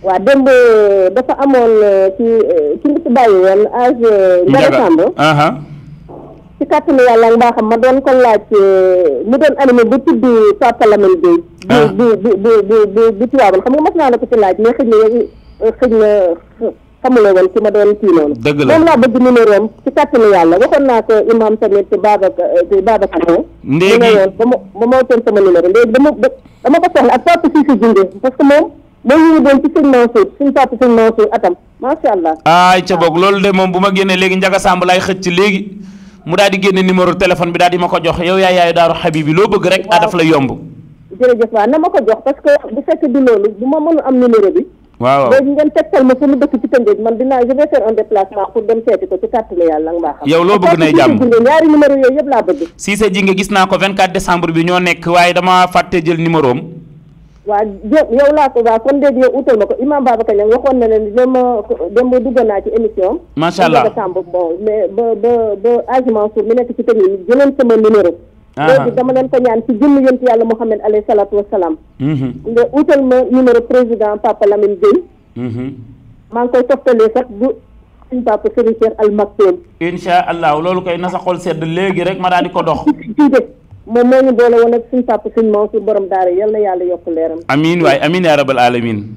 Speaker 12: waaw démb euh, dafa amoon euh, ci euh, ci li ci bàyyi woon âge. Ndiaga Samb. ci kàttanu yàlla ak mbaaxam ma doon ko laaj mu doon animé bu tudd Papa Lamine Gueye. bu bu bu bu bu xam nga mas naa la ko ci laaj mais xëj na xëj na xamuloo woon ci ma doon kii noonu. dëgg la moom laa bëgg numéro na ci kàttanu yàlla waxoon naa ko imam tamit Babacar Babacar Mbow. dama dama ko soxla ak Papa Cissé Dundé parce que moom. ba ñu doon ci sëñ Mansour suñ papa sëñ atam allah.
Speaker 1: ay ca boog loolu de moom bu ma génnee léegi Njaga Samb laay xëcc léegi mu daal di génne numéro téléphone bi daal di ma ko jox yow yaay yaayu daaru Habibi loo bëgg rek. waaw la yomb.
Speaker 12: jërëjëf waaw na ma ko jox parce que bu di loolu bu ma mënu am numéro bi. waaw léegi ngeen tegtal ma fu mu dëkk ci tëngeej man dinaa je vais faire un déplacement pour dem seeti ko ci yàlla yow loo bëgg nay jàmm ñaari numéro yooyu yëpp laa
Speaker 1: bëgg. Jinge gis naa ko 24 décembre bi ñoo nekk waaye dama fàtte jël numéro am
Speaker 12: waa Diop yow laa ko waa kon léegi yow utal ma ko Imam Babacar Niang waxoon na leen dem dem ba dugg naa ci émission am. macha allah Samb bon mais ba ba ba Aji Mansour mi nekk ci technique jëleen sama numéro. dama leen ko ñaan ci jëmm yonent yàlla Mouhamed alayhi salaatu wa salaam. Mhm. nga utal ma numéro président Papa mhm. maa ngi koy toftalee sax bu suñ papa Serigne Cheikh Al Maktoum.
Speaker 1: incha allah loolu koy na sa xol sedd léegi rek ma daal
Speaker 12: di ko dox. moom moo ñu boole woon ak suñu papa suñu Mansour borom daara yal yàlla yokk leeram.
Speaker 1: amiin waaye amiin yaa rabal alamin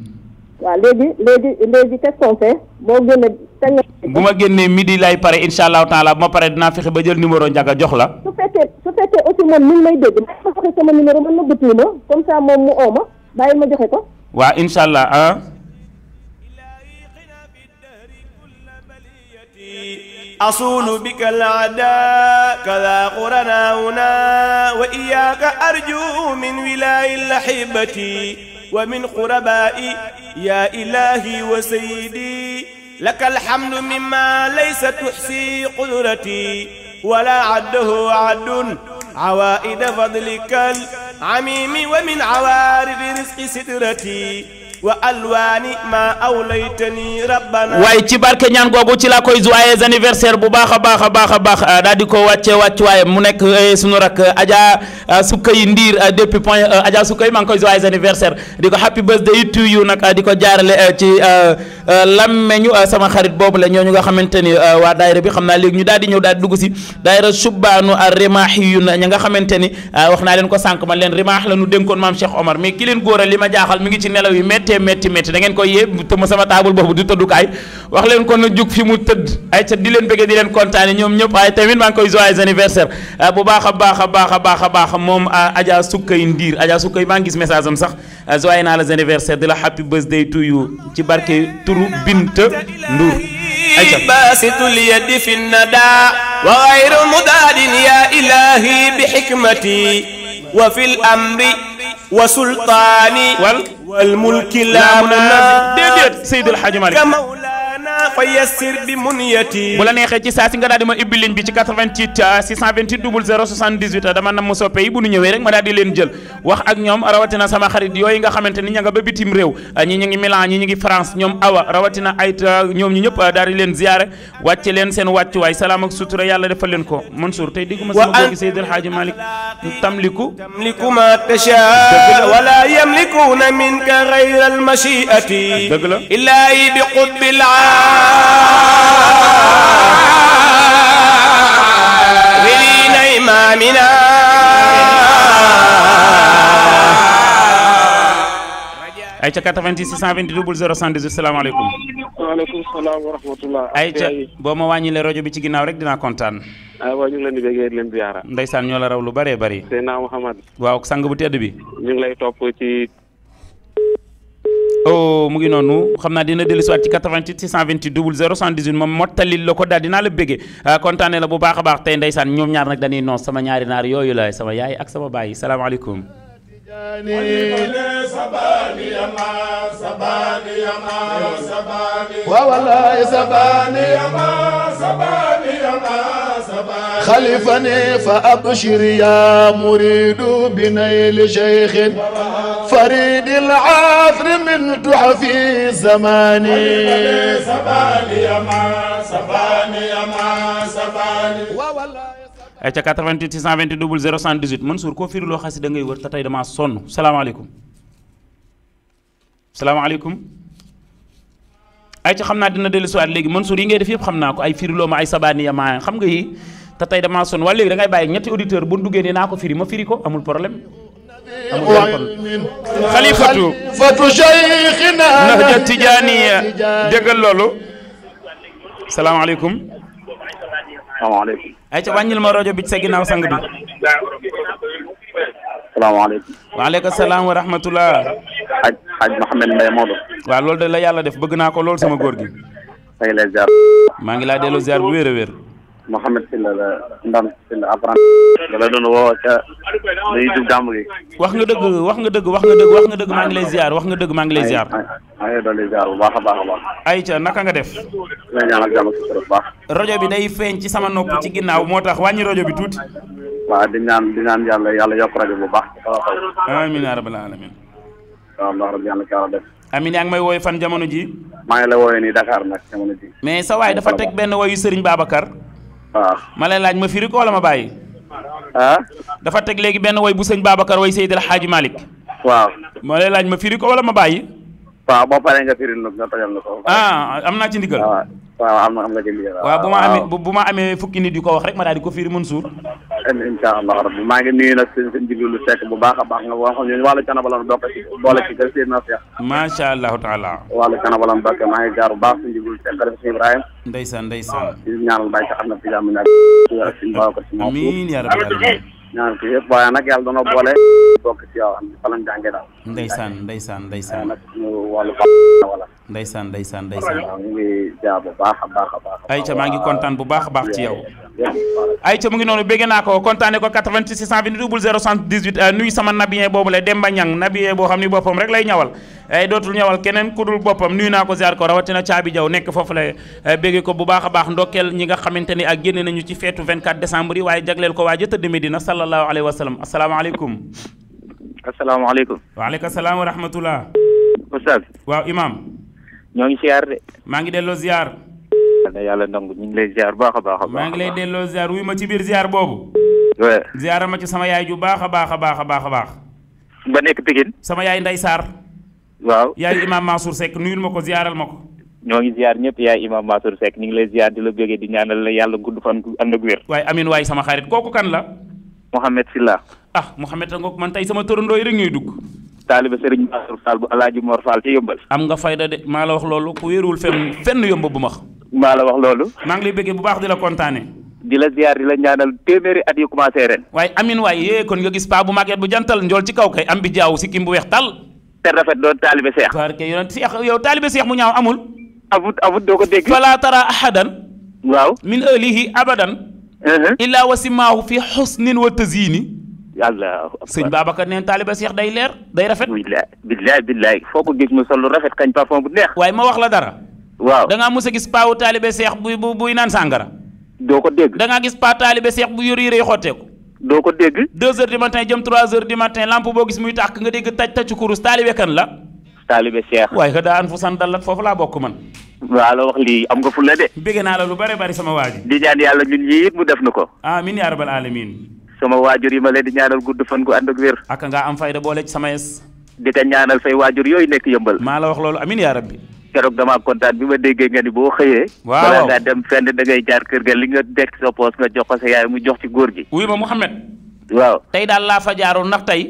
Speaker 12: waaw léegi léegi léegi quest fait boo génne
Speaker 1: bu ma génnee midi lay pare incha allahu taala bu ma paree dinaa fexe ba jël numéro njaga jox la.
Speaker 12: su fekkee su fekkee aussi moom mi may dégg ndax ma joxe sama numéro man ma gëtuñu comme ça moom mu oo bàyyi ma joxe ko.
Speaker 1: waaw incha ah.
Speaker 2: أصون بك العداء كذا قرنا هنا وإياك أرجو من ولاء الأحبة ومن قربائي يا إلهي وسيدي لك الحمد مما ليس تحصي قدرتي ولا عده عد عوائد فضلك العميم ومن عوارض رزق سترتي wa alwaani ma awlaytani rabbana waaye ci
Speaker 1: barke ñaan googu ci laa koy joyeux anniversaire bu baax a baax a baax a baax euh, daal di ko wàccee wàcc waaye mu nekk euh, sunu rak euh, Adja Soukay Ndiir depuis point Adja Soukay maa ngi koy joyeux anniversaire di ko happy birthday to you nag di ko jaarale ci lammeñu sama xarit boobu la ñu nga xamante ni waa daayira bi xam naa léegi ñu daal di ñëw daal di dugg si a subbaanu rimaaxiyun ñu nga xamante ni wax naa leen ko sànq ma leen rimaax la nu dénkoon a méttee métti métti da ngeen koy yéeb te ma sama taabul boobu du tëddukaay wax leen ko na jug fi mu tëdd ay ca di leen bëggee di leen kontaane ñoom ñëpp waaye tamit maa ngi koy joyeux anniversaire bu baax a baax a baax a baax a baax moom Adja Sukkay Ndiir Adja Sukkay maa ngi gis message am sax joyeux naa la anniversaire di la happy birthday to you ci barke turu Binte Ndour
Speaker 2: باسط اليد في الندى وغير مداد يا إلهي بحكمتي وفي الأمر وسلطاني والملك لا منازل سيد الحاج مالك
Speaker 1: fayassir bi munyati bu la ci saa nga dadima di ma ligne bi ci 88 628078 ah, ah, dama nam soppe yi bu nu ñewé rek ma daal di leen jël wax ak ñom rawatina sama xarit yoy nga xamanteni ni ña nga ba bitim rew ah, ñi ñu ngi Milan ñi ngi France ñom awa rawatina ay ñom ñi ñep daal di leen ziaré wacc leen seen way salam ak sutura yalla defal leen ko Mansour tay diguma sama
Speaker 2: bokk Seydil haji malik tamliku tamliku ma tasha wala yamlikuna minka ghayra al mashiati illa bi qutbil
Speaker 1: ayca 88 628 0078 salaamaaleykum.
Speaker 4: waaleykum salaam wa rahmatulah.
Speaker 8: ayca
Speaker 1: boo ma wàññilee rajo bi ci ginnaaw rek dinaa kontaan.
Speaker 4: aywa leen di bëggee leen ziyaara.
Speaker 1: ndeysaan ñoo la raw lu bëree bëri. Seydina Mouhamad. waaw sang bu tedd bi.
Speaker 4: ñu lay topp ci.
Speaker 1: oh mu ngi noonu xam naa dina dellusiwaat ci 88 628 00 78 moom mottalil la ko da dinaa la béggee ah, kontaane la bu baax a baax tey ndeysaan ñoom ñaar nag dañuy noos sama ñaari naar yooyu la sama yaay ak sama baay salaamaaleykum
Speaker 6: خلفني
Speaker 7: فأبشر يا مريد بنيل شيخ فريد العافر كنت حفي زماني
Speaker 2: سباني يا ما سباني يا ما سباني والله
Speaker 1: اتا
Speaker 7: 98
Speaker 1: 018 منصور كو فير لو خاسي دا ngay وور تا تاي دما سون السلام عليكم السلام عليكم اي تي خمنا دنا ديلي سوات ليغي منصور ييغي ديف ييب خمنا كو اي فير لو ما اي سباني يا ما خمغي تا تاي دما سون والله ليغي دا ngay باي نياتي اوديتور بون دوغي ني نako فيري ما فيري كو امول بروبليم
Speaker 3: xalifatu fatu cheikhina nahja tijaaniya
Speaker 1: déggal loolu salaamaaleykum salaamaaleykum ay ca wàññil ma rajo bi ci sa ginnaaw sang bi salaamaaleykum waaleykum salaam wa rahmatullah aj aj Mouhamed Mbaye waaw loolu de la yàlla def bëgg naa ko lool sama góor gi maa ngi lay ziar maa laa delloo ziar bu wér a wér Mohamed Sylla ndam la doon ca gi wax nga wax nga wax nga wax nga ngi lay ziar wax nga ngi lay ziar
Speaker 11: lay ziar bu
Speaker 1: amin ya rabbal alamin Allah rabbi ka amin ngi may woy fan jamono ji ngi la ni Dakar jamono ji mais waaw ah. ma lay laaj ma firi ko wala ma bàyyi. Ah? dafa teg léegi benn woy bu sëñ baabakar woy Seydil Hadji Malick. waaw. ma lay laaj
Speaker 11: ma firi ko wala ma bàyyi. waaw boo paree nga firi nga
Speaker 1: ah am naa ci ndigal. Ah. waaw am am nga dégg la waaw bu ma amee bu ma amee fukki nit yu ko wax rek ma daal di ko firi Mansour
Speaker 11: insha allah rabbi maa ngi nuyu nag seen seen lu sekk bu baax a baax nga wax ñu wàllu canaba la dokke ci boole ci kër seen nasiya
Speaker 1: masha allah taala
Speaker 11: wàllu canaba la dokke maa ngi jaar bu baax seen jibilu sekk def seen ibrahim ndeysaan ndeysaan di ñaanal bàyyi sax na fi jàmm ñaar seen baaw ko ci moom amiin yaa rabbi ñaan ko yëpp waaye nag yàlla dañoo boole bokk ci yow am fa lañ jàngee daal
Speaker 1: ndeysaan ndeysaan ndeysaan
Speaker 11: wàllu wala
Speaker 1: ndeysaan ndeysaan ndeysaan ayca maa ngi kontaan bu baax a baax ci yow ayca mu ngi noonu bégg naa ko kontaane ko 88 628 078 nuyu sama nabien boobu la Demba Ñang nabien boo xam ni boppam rek lay ñawal ay dootul ñawal keneen ku dul boppam nuyu naa ko ziar ko rawatina caabi jaw nekk foofu la euh, bégge ko bu baax a baax ndokkeel ñi nga xamante ni ak génne nañu ci feetu 24 décembre yi waaye jagleel ko waa jëtëdd Medina sallallahu alayhi wa sallam asalaamaaleykum
Speaker 11: asalaamaaleykum
Speaker 1: waaleykum salaam wa rahmatullah oustaz waaw ñoo ngi ziar de. maa ngi delloo ziar.
Speaker 8: na yàlla nangu ñu ngi lay ziar baax a baax a baax. maa ngi
Speaker 1: lay delloo ziar wuy ma ci biir ziar boobu. oui. ziar ma ci sama yaay ju baax a baax a baax a baax a baax. ba nekk Pikine. sama yaay Ndeye Sarr. waaw yaay Imaam Mansour sekk nuyul ma ko ziaral ma ko. ñoo ngi ziar ñëpp yaay Imaam Mansour
Speaker 11: Seck ñu ngi lay ziar di la bëggee di ñaanal la yàlla gudd fan am ak wér.
Speaker 1: waaye amin waay sama xarit kooku kan la.
Speaker 11: Mouhamed Silla.
Speaker 1: ah Mouhamed a ngoog man tey sama tërëndoo rek ñuy dugg. taaliba sëriñ Mansour
Speaker 8: Fall bu alaaji Mor Fall ci yombal
Speaker 1: am nga fayda de maa la wax loolu ku wéerul fenn fenn yomb bu ma la wax loolu maa ngi lay bu baax di contané dila ziar dila ñaanal téméré at yu commencé ren way amin way yé eh, kon nga gis pa bu maget bu jantal ndol ci kaw kay am bi jaaw si kim bu weex tal té rafet do taalibe cheikh barké yonent seex yow taalibe cheikh mu ñaaw amul avut avut do ko dégg fala tara ahadan waw min alihi abadan uh-huh. illa wasimahu fi husnin wa tazini allah sëñ Babacar neen taaliba Seex day leer day rafet billaay billaay billaay foo ko gis mu sol lu rafet kañ parfum bu neex waaye ma wax la dara waaw da ngaa mos a gis paawu taalibe seex buy bu buy naan sàngara doo ko dégg da ngaa gis paa taalibe seex bu yor yére xotteeku doo ko dégg deux heures du matin jëm trois heures du matin lampe boo gis muy tàkk nga dégg taj taccu kurus taalibe kan la taalibe seex waaye ka daa fu san dallat foofu laa bokk man waaw la
Speaker 11: wax lii am nga fu
Speaker 1: la de bégg naa la lu bare bari sama waa ji di ñaan yàlla ñun ñii mu def na ko amin yaa rabbal alamin sama wajur yi ma leen di ñaanal gudd fan gu ànd ak wér ak nga am fayda boole ci sama es di ko ñaanal
Speaker 11: say wajur yooyu nekk yëmbal maa la wax loolu amin ya rabbi keroog dama kontaan bi ma déggee nga ni boo xëyee wala nga dem fenn da ngay jaar kër ga li nga dekk sa poos nga jox ko sa yaay mu jox ci góor gi ma muhammad
Speaker 1: waaw tey daal laa fa jaaroon ndax tey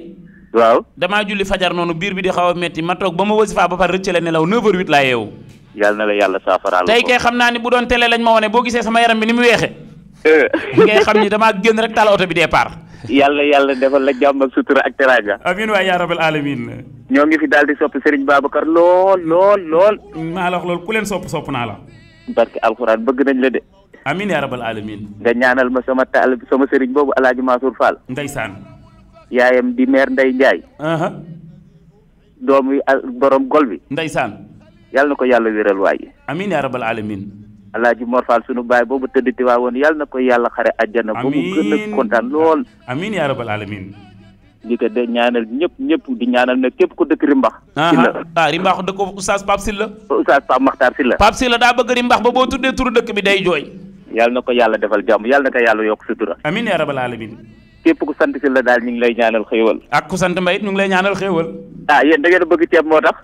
Speaker 1: waaw dama julli fajar noonu biir bi di xaw a metti ma toog ba ma wasifa ba par rëccale nelaw 9 heures 8 laa yeewu yàlla na la yàlla saafaraal tey kay xam ni bu doon télé lañ ma boo gisee sama yaram bi ni mu ngay xam ni damaa génn rek taal oto bi départ
Speaker 8: yàlla yàlla defal la jàmm ak sutura ak teraanga
Speaker 1: amin waay yaa rabal alamin ñoo ngi fi daal di sopp Serigne Babacar lool lool lool maa la wax lool ku leen sopp sopp naa la barke
Speaker 11: alquran bëgg nañ la de
Speaker 1: amin ya rabbal alamin
Speaker 11: nga ñaanal ma sama taal sama Serigne boobu alaaji Mansour Fall ndeysaan yaayam di maire Ndey Njaay aha
Speaker 1: doom yi borom gol bi ndeysaan yàlla na ko yàlla amin ya rabbal alamin
Speaker 11: alaaji Mor Fall sunu baay boobu tëdd Tiwaawoon yàlla na ko yàlla xare àjjana ba mu gën a kontaan lool
Speaker 1: amiin yaa rabbal a
Speaker 11: di ko de ñaanal ñëpp ñëpp di ñaanal nag képp
Speaker 1: ba boo tuddee turu dëkk bi day jooy yàlla na ko yàlla defal la yàlla na ko yàlla yokk sutura amiin yaa rabbal alamin képp ku sant Silla daal ñu ngi lay ñaanal xéewal ak ku sant Mbaye ñu ngi lay ñaanal xéewal ah yéen da a bëgg ceeb moo tax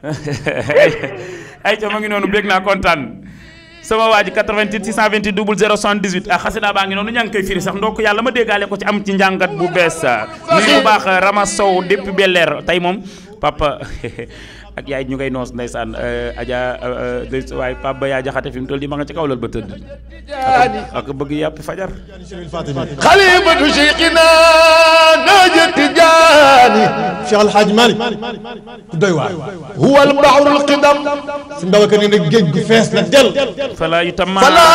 Speaker 1: ay ca ma ngi noonu bég naa kontaan sama waa ji 88 628 00 78 ah xasida baa ngi noonu ñaa koy firi sax ndokk yàlla ma déggaale ko ci am ci njàngat bu bees nuyu bu baax Rama Sow depuis tey moom papa ak yaay ñu ngay noos ndeysaan aja de way Ba yaa jaxate fim mu di ma nga ci kaw lool
Speaker 13: ba teud ak bëgg yapp fajar xalifatu cheikhina najat jaani cheikh alhaaj malik doy waar
Speaker 7: huwa al-bahr albahrul qidam si mbawaka ne nag géej gu fess la del fala yutama fala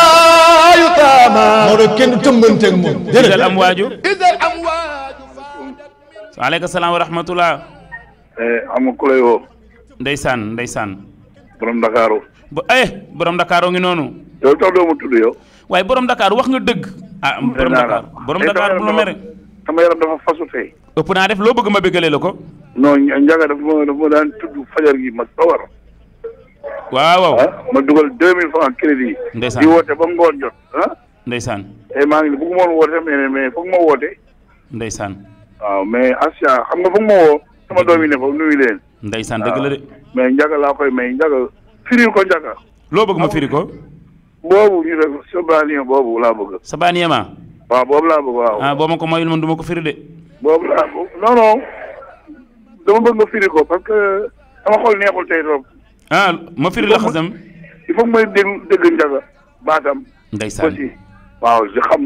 Speaker 2: yutama
Speaker 7: mo moo doon kenn ak moom del am waju
Speaker 2: idal am
Speaker 10: waaju
Speaker 1: waaleykum salaam wa rahmatullah eh, ama ku lay wo ndeysaan ndeysaan. borom Dakaaru. ba eh borom Dakaaru ngi noonu. yow tax doo ma tudd yow. waaye borom Dakaaru wax nga dëgg. ah borom Dakaaru borom Dakaaru
Speaker 10: bu naa def loo bëgg ma bëggalee la ko. non Ndiaga daf ma fajar gi ma sawar. waaw waaw ah, ma dugal deux mille francs crédit. ndeysaan woote ba ngoon jot ah.
Speaker 1: Eh,
Speaker 10: ma woon woote mais mais ndeysaan. waaw mais Asia xam nga foog woo. sama doom yi ne ko nuyu leen.
Speaker 1: ndeysaan dëgg la
Speaker 10: de. Ah, mais njaga laa koy may njaga. firil ko njaga. loo bëgg ma firi ko. boobu ñu boobu laa bëgg. sabaaniya ma. waaw boobu laa bëgg waaw. ah
Speaker 1: ma ko mayul man du ko
Speaker 10: firi de. boobu laa non non dama bëgg nga firi ko parce que dama xool neexul tey trop. ah ma firi la xasam. il faut que may njaga baatam. ndeysaan aussi waaw xam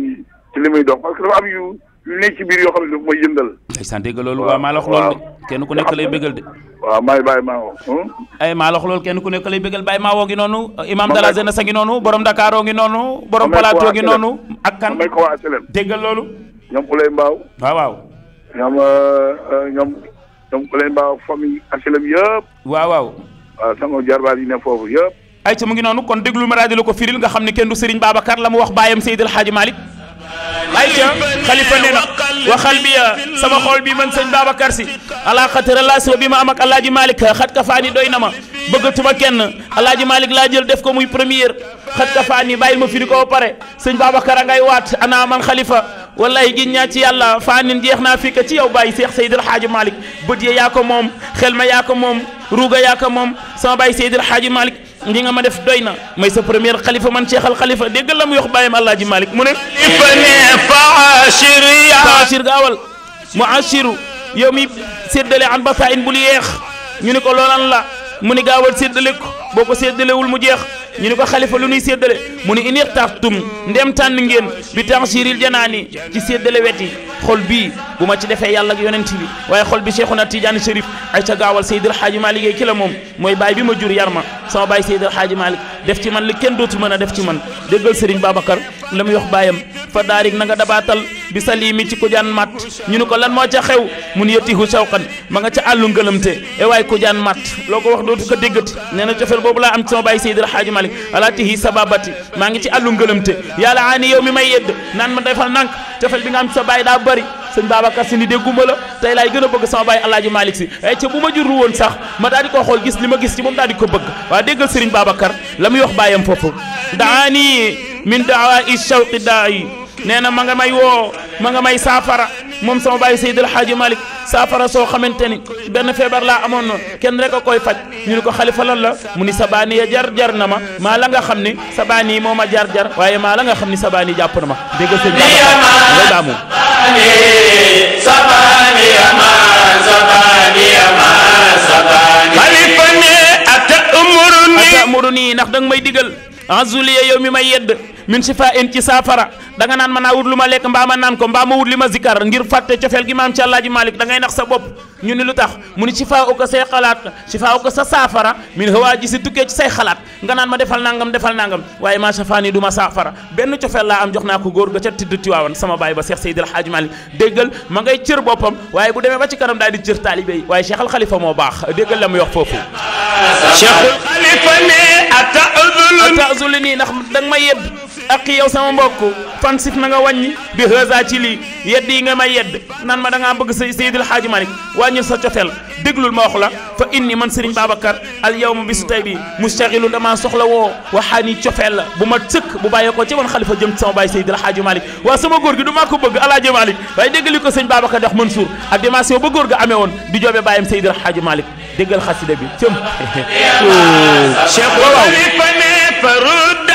Speaker 10: ci li dox parce que dafa yu. yu nekk biir yoo xam ne daf may yëngal. ndeysaan dégg loolu waaw maa la wax loolu de kenn ku nekk lay bëggal de. waaw maay bàyyi maa woo. Hmm?
Speaker 1: ay maa la wax loolu kenn ku nekk lay bëggal bàyyi maa woo ngi noonu. imam Dalla Zena sa ngi noonu borom Dakar
Speaker 10: ngi noonu. borom Plateau ngi noonu. ak kan may ko waa HLM. déggal loolu. ñoom Ulay Mbaaw. waaw waaw. ñoom euh, euh, ñoom ñoom Ulay Mbaaw famille waaw waaw. waaw sama jarbaat yi ne foofu yëpp.
Speaker 1: ay ci mu ngi noonu kon déglu ma rajo la ko firil nga xam ne kenn du Serigne Babacar la mu wax bàyyam Seydil Hadji Malick ayca xalifa nee na waxal bi sama xool bi man sëñ Babacar si ala xatira laa siwa bi ma am ak alaaji Malick xat ka faani doy na ma bëggatuma kenn alaaji Malick laa jël def ko muy première xat ka faani bàyyil ma pare sëñ Babacar ngay waat ana man xalifa wallahi gin ñaa ci yàlla faanin jeex naa fii ci yow bàyyi Seex Seydil Xaaji Malick bët ya ko moom xel ma ko moom ruuga yaa ko moom sama bàyyi Seydil Xaaji Malick ngi nga ma def doyna na may sa premier khalifa man cheikhal khalifa xalifa lam yox bayam allah ji malik muné ibn faashir ya faashir gawal mu'ashir yomi yow an basain bu lu yeex ñu ni ko lolan la muné gawal gaawal ko boko ko wul mu jeex ñu ni ko xalifa lu nuy séddale mu ni inir taftum ndem tànn ngeen bi tansiril janaani ci séddale weti xol bii bu ma ci defee yàlla ak yonent bi waaye xol bi Cheikhuna Tidiane Chérif ay ca gaawal Seydil Hadji Malick ay ki la moom mooy baay bi ma jur yar ma sama baay Seydil Hadji Malick def ci man li kenn dootu mën a def ci man déggal Serigne Babacar la muy wax baayam fa daarik na nga dabaatal bi salimi ci kujaan mat ñu ni ko lan moo ca xew mun yëttihu sawqan ma nga ca àllu ngëlëmte e waay kujaan mat loo ko wax dootu ko déggati mali alaatihi sababati maa ngi ci àllu ngëlëmte yàlla aani yow mi may yedd naan ma defal nank tefel bi nga am ci sa baay daa bari sëñ Babacar Si ni dégguma la tey laay gën a bëgg sama baay Alaaji Malick Si ay eh, ca bu ma jurru woon sax ma daal di ko xool gis li ma gis ci moom daal di ko bëgg waa déggal Sëriñ Babacar la muy wax baayam foofu daani min dawaa i shawqi daa yi nee na ma nga may woo ma nga may saafara moom sama bàyyi Seydi El Hadji saafara soo xamante ni benn feebar laa amoon noonu kenn rek a koy faj ñu ni ko xalifa lan la mu ni sabaani ya jar jar na ma maa la nga xam ni sabaani yi moo ma jar jar waaye maa la nga xam ni sabaani jàpp na ma dégg nga sëñ nga daamu
Speaker 2: sabaani ya ma sabaani ya ma sabaani xalifa ne ata
Speaker 1: umuruni ata umuruni ndax danga may digal azuliya yow mi may yedd من شفاء انت سافرة دعنا نان منا ورلو مالك بام نان كم بام ورلو مذكر نير فات تفعل كمام شالله جي مالك دعنا نخ سبب نيلو تخ من شفاء أوكسى خلات شفاء أوكسى سافرة من هو أجلس تكج سه خلات دعنا نان مدفع نانغم دفع نانغم واي ما شفاء نيدو ما سافرة بينو تفعل لا أم جوخنا كغور بتشت تدتي وان سما باي بسير سيد الحاج مالك دعال معاي تير بوبم واي بودي ما بتشي كرام دادي تير تالي بي واي شيخ الخليفة مو باخ دعال لم يخفو
Speaker 2: شيخ الخليفة أتأذلني أتأذلني دعما
Speaker 1: يب ak yow sama mbokk fan sif na nga wàññi bi hësa ci lii yedd yi nga may yedd nan ma da ngaa bëgg sa Seydil Xaaji Malik wàññil sa cofeel déglul ma wax la fa inni man Serigne Babacar al yow ma bisu tey bi mustaxilu dama soxla woo waxaani cofeel la bu ma sëkk bu bàyyee ko ci man xalifa jëm sama baay Seydil Xaaji Malik waa sama góor gi du maa ko bëgg alaaji Malik waaye déggali ko sëñ Babacar dox Mansour ak dimension ba góor ga amee woon di joobe bàyyam Seydil Xaaji Malik déggal xasida bi cëm cheikh waaw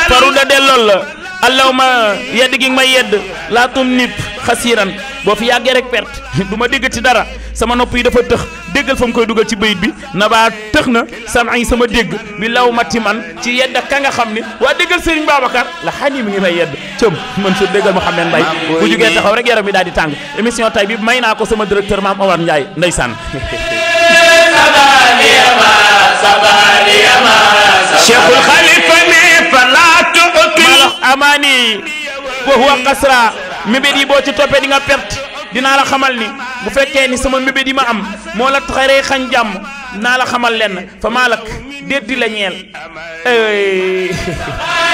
Speaker 1: faruda dellool la allahuma yedd gi nga may yedd laa tum nit xasiiran boo fi yàggee rek perte du ma dégg ci dara sama nopp yi dafa tëx déggal fa mu koy dugal ci bayit bi na nabaa tëx na samay sama dégg bi law matti man ci yedd ka nga xam ni waa déggal Serigne Babacar la xani mi ngi may yedd cëm man su déggal Mouhamed Mbaye bu jugee taxaw rek yaram bi daal di tàng émission tay bi may naa ko sama directeur maam Omar Ndiaye ndeysaan
Speaker 2: sabaliyama sabaliyama
Speaker 1: cheikhul xalifa amaani wa huwa qasra mébét yi boo ci toppee di nga perte dinaa la xamal ni bu fekkee ni sama mébét yi ma am moo la taxaree xañ jàmm naa la xamal lenn fa maa lakk déet la ñeel maa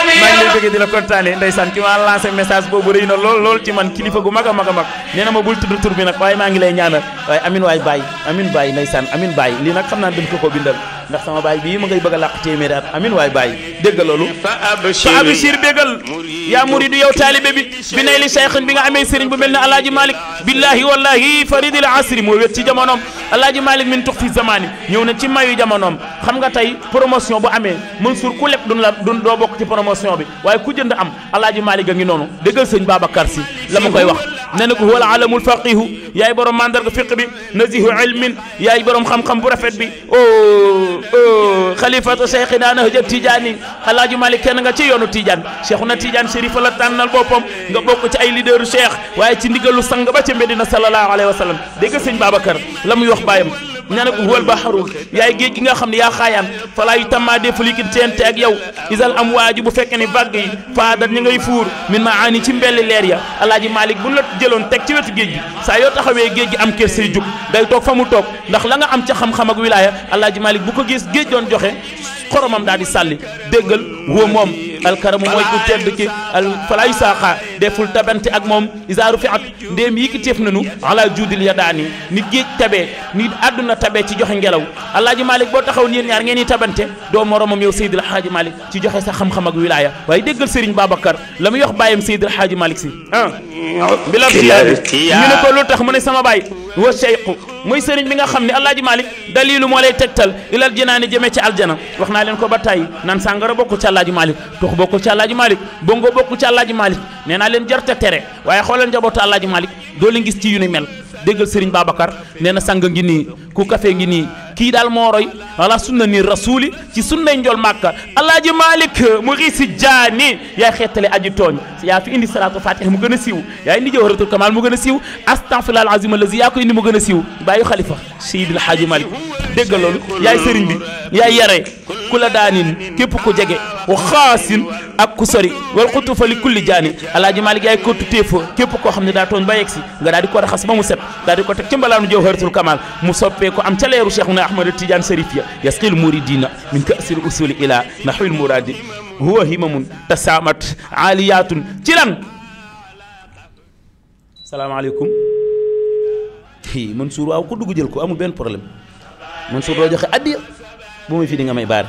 Speaker 1: ngi lay bëgg di la kontaane ndeysaan ki ma lancé message boobu rëy na lool lool ci man kilifa gu mag a mag a mag na ma bul tudd tur bi nag waaye maa ngi lay ñaana waaye amin waay baay amin baay ndeysaan amin baay lii nag xam naa dañ ko ko bindal ndax sama baay bii ma ngay bëgg a làq téeméeri at amin waay baay dégg loolu fa abshir bégal yaa muridu yow taalibe bi bi li cheikhin bi nga a sëriñ bu mel ne alaaji malik billahi wallahi ñëw na ci mayu jamonom xam nga tay promotion bu amé Mansour ku lepp dun la dun doo bokk ci promotion bi waye ku jënd am alaaji malik a ngi noonu dëggal seigne Babacar si la koy wax nee ko wala alamul faqih yaay borom mandarga fiq bi nazihu ilmin yaay borom xam-xam bu rafet bi o o khalifatu shaykhina nahja tijani alaaji malik ken nga ci yonu Tidiane shaykhuna Tidiane Chérif la tanal bopom nga bok ci ay leaderu shaykh waye ci ndigalu sang ba ci Medina sallallahu alayhi wasallam deggal seigne sëñ Babacar la wax bayam nee na ko huwal baharu yaay géej gi nga xam ne yaa xaayaan falaa yu tammaa defu likin teente ak yow isal am waaji bu fekkee ne vague yi faadat ñu ngay fuur min ma aani ci mbelli leer ya alaaji Malick bu ñu la jëloon teg ci wetu géej gi saa yoo taxawee géej gi am kër say jug day toog fa mu toog ndax la nga am ca xam-xam ak wilaaya alaaji Malick bu ko gis géej doon joxe xoromam daal di sàlli wo mom al karam moy ko tedd ki al falaayu saaxa deful tabanti ak mom izaru fi'at dem ndéem yi ki téef nanu ala judil yadani ni géej tabe ni aduna tabe ci joxe ngelaw alhaji malik bo taxaw ni ñaar ngeen di tabante doo moromam yow seydil xaaji malik ci joxe sa xam-xam ak wilaya way déggal serigne babakar la muy wax bàyyam seydil xaaji malik si ah
Speaker 8: bi ñu ne ko
Speaker 1: lu tax mu ne sama bay wa shaykh mooy serigne bi nga xamni alhaji malik dalilu mo lay tegtal ilal jinaani jeme ci aljana waxna naa leen ko ba tey nan sàngara bokku ci Alaaji Malick tox bokku ci Alaaji Malick bongo bokku ci Alaaji Malick nee naa leen jarte tere waaye xoolal njabootu Alaaji Malick doo leen ci yu ni mel déggal serigne babakar neena sang ngi ni ku kafe ngi ni ki dal mo roy ala sunna ni rasuli ci sunna ndol màkka alaaji malik mu riisi jaani yaa xeetale aji togn ya fi indi salatu fatih mu gëna a siiw yaa indi jawharatul kamal mu gëna siiw astaghfirullah allazi ya ko indi mu gëna siiw bàyyi xalifa seydil malik déggal lol ya serigne bi ya yare kula danin kep ko wa xaasin ak ku sori wal xutu fa li kulli jaani alaaji Maalik yaay ko tuttee fa képp koo xam ne daa tooñ ba yegg si nga daal di ko raxas ba mu set daal di ko teg ci mbalaanu jawharatul kamal mu soppee ko am ca leeru cheikh na ahmad tidiane sharif ya yasqil muridina min kasil usuli ila nahwil muradi huwa himamun tasaamat aliyatun ci lan salaamaaleykum Mansour waaw ku dugg jël ko amul benn problème Mansour doo joxe addiya bu muy fii di nga may baare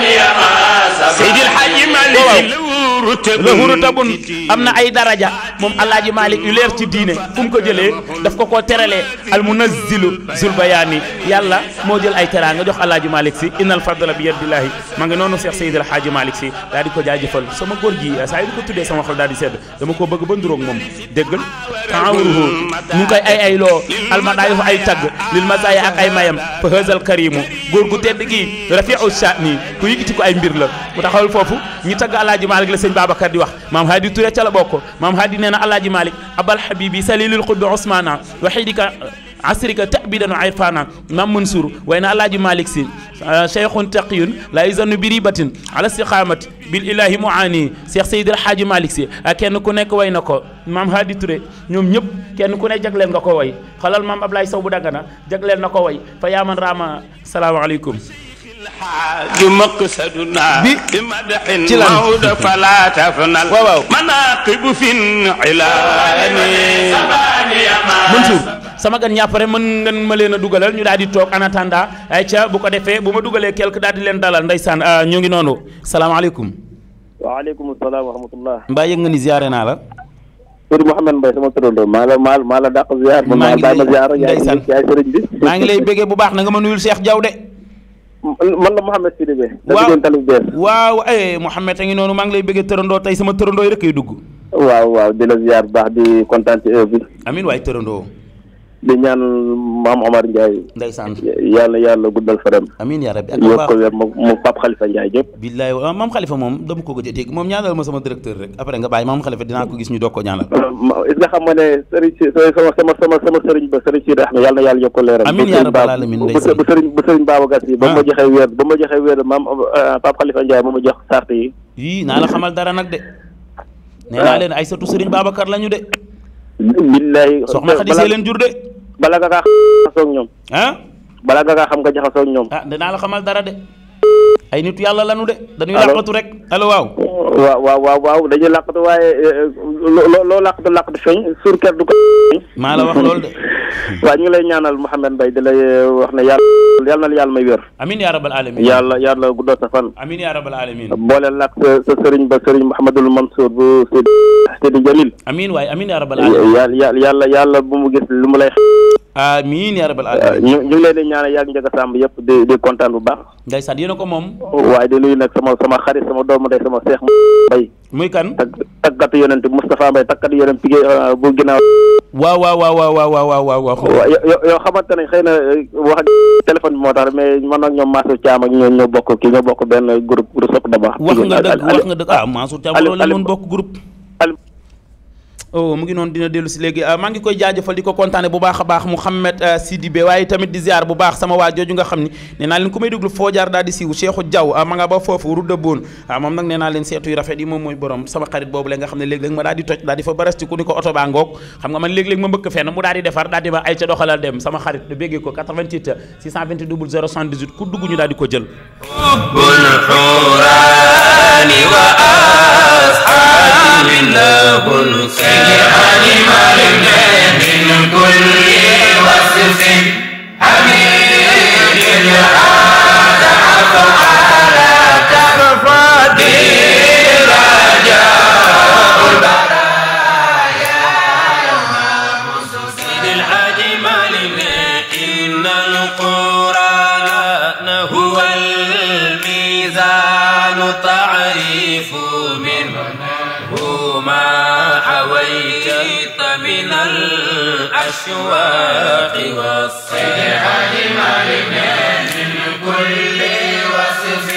Speaker 2: Yeah. Seydi
Speaker 1: El Hadji Malick lahuruta bun am na ay daraja moom alaaji Malick yu leer ci diine fu mu ko jëlee daf ko koo teralee al munazzilu zulbayaani yàlla moo jël ay teraanga jox alaaji Malick si innal fadla bi yadillahi ma ngi noonu Cheikh Seydi El Hadji Malick si daal di ko jaajëfal sama góor gi saa yu ko tuddee sama xol daal di sedd dama koo bëgg ba nduróog moom déggal taawruhu mu ngi koy ay ay loo almadaayu ay tagg lil masaaya ak ay mayam fa hëzal karimu góor gu tedd gi rafiu shaani ku yëkkati ko ay mbir la mu taxawal foofu ñu tagg alaaji malik la sëñ babacar di wax maam haadi turé ca la bokk maam haadi nee na malik abal habibi salilul xudbi ousmana waxidika asrika tabidan aifana mam mansour way na alaaji malik si cheikhun taqiyun la yuzannu bi ribatin ala istiqamati bil ilahi muani cheikh seydi alhaaji malik si kenn ku nekk way ko maam haadi turé ñoom ñëpp kenn ku ne jagleel nga ko way xalal maam ablaye sow bu dagana jagleel na way fa yaaman rama salaamaaleykum
Speaker 8: مقصدنا بمدح
Speaker 9: الموت
Speaker 8: فلا تفنل مناقب في العلان
Speaker 1: منصور sama gan ñapare mën ngeen ma leena dugalal ñu daal di toog en attendant ay ca bu ko defee bu ma dugalee quelque daal di leen dalal ndeysaan ah, ñu ngi noonu salaamaaleykum
Speaker 11: waaleykum salaam wa mbaa yëg nga ni ziare naa la Muhammad Mbay sama turando mala mal mala daq ziar ma ma ziar yaay sëriñ bi ngi lay bégee bu baax
Speaker 1: na nga ma nuyul Cheikh Diaw de
Speaker 11: man la Mouhamed Sidibé.
Speaker 1: waaw da doon waaw eh Mouhamed a ngi noonu maa ngi lay bëgg tërëndoo tey sama tërëndoo yi rek koy dugg.
Speaker 11: waaw waaw di la ziar baax di kontaan ci heure bi. amiin waay tërëndoo. da ñaan maam Omar Ndiaye. ndeysaan yàlla yàlla guddal faram. amiin yaa rabbi ak yokk ko wér mu
Speaker 1: moom ko a dégg moom ñaanal ma sama directeur rek après nga bàyyi maam Khalifa dinaa ko gis ñu doog ko ñaanal.
Speaker 11: it nga xam ma ne Serigne si sama ba Serigne Sidi Ahmed yàlla ba ma joxee wér ba ma joxee wér maam euh, Pape Khalifa Ndiaye ma sart yi.
Speaker 1: yii naa la xamal dara nag de. nee naa ah. leen ay sëtu Serigne Babacar lañu de
Speaker 11: billahi soxna Xadi see leen jur de. bala nga ak ñoom. bala nga kaa xam nga jaxasoo ak ñoom. ah dinaa la xamal dara de. ay nitu yàlla lanu de. dañuy tu rek allo waaw. waaw waaw waaw dañuy làqatu waaye eh, eh, loo loo làqatu làqatu feeñ. sur kër du ko. maa la wax loolu de. waaw ñu ngi lay ñaanal Mouhamed Mbaye di lay eh, wax ne yàlla yàlla yàlla may wér.
Speaker 1: amiin yaa rabal alamin yàlla
Speaker 11: yàlla guddoo sa fan.
Speaker 1: amiin yaa rabal alamin
Speaker 11: boole la sa sëriñ ba sëriñ Mouhamadul Mansour bu Seydi Jamil.
Speaker 1: amiin waaye amiin yaa rabal alamin yàlla
Speaker 11: yàlla yàlla bu mu gis lu mu lay. amiin yaa rabal eh, alamin ñu ñu ngi leen di ñaanal yàgg njëkk sàmb yëpp di di kontaan bu baax.
Speaker 1: ndeysaan yéen ne ko moom. waaye
Speaker 11: di nuyu nag sama sama xarit sama doomu ndey sama seex Mbaye. muy kan. tag taggatu yonent bi Moustapha Mbaye taggatu yonent bi euh, bu ginnaaw. waaw waaw waaw waaw waa waaw waaw waaw. yoo xamante ne xëy na euh, wax téléphone bi moo tax mais man nag ñoom Mansour Thiam ak ñoom ñoo bokk kii ñoo bokk benn groupe groupe Sopp Daba. wax nga dëgg wax
Speaker 1: nga dëgg ah Mansour Thiam la ñu bokk groupe. oh mu ngi noonu dina dellu si léegi ah, maa ngi koy jaajëfal di ko kontaane bu baax a baax Mouhamed ah, Sidibé waaye tamit di ziar bu baax sama waa jooju nga xam ni nee naa leen ku may déglu foo jaar daal di siiw Cheikhou Diaw ah, ma nga ba foofu rudda boon moom nag nee leen seetu rafet yi moom mooy borom sama xarit boobu la nga xam ne léeg-léeg ma daal di toj daal di fa barasti ku mbëkk fenn mu daal defar daal ma ay ca doxalal dem sama xarit du béggee ko ku dugg daal di ko jël
Speaker 9: لله الخير سيئا لمن من كل وسوس
Speaker 2: حبيب هذا أفعال
Speaker 1: الأشواق والصيح لملك من كل وصف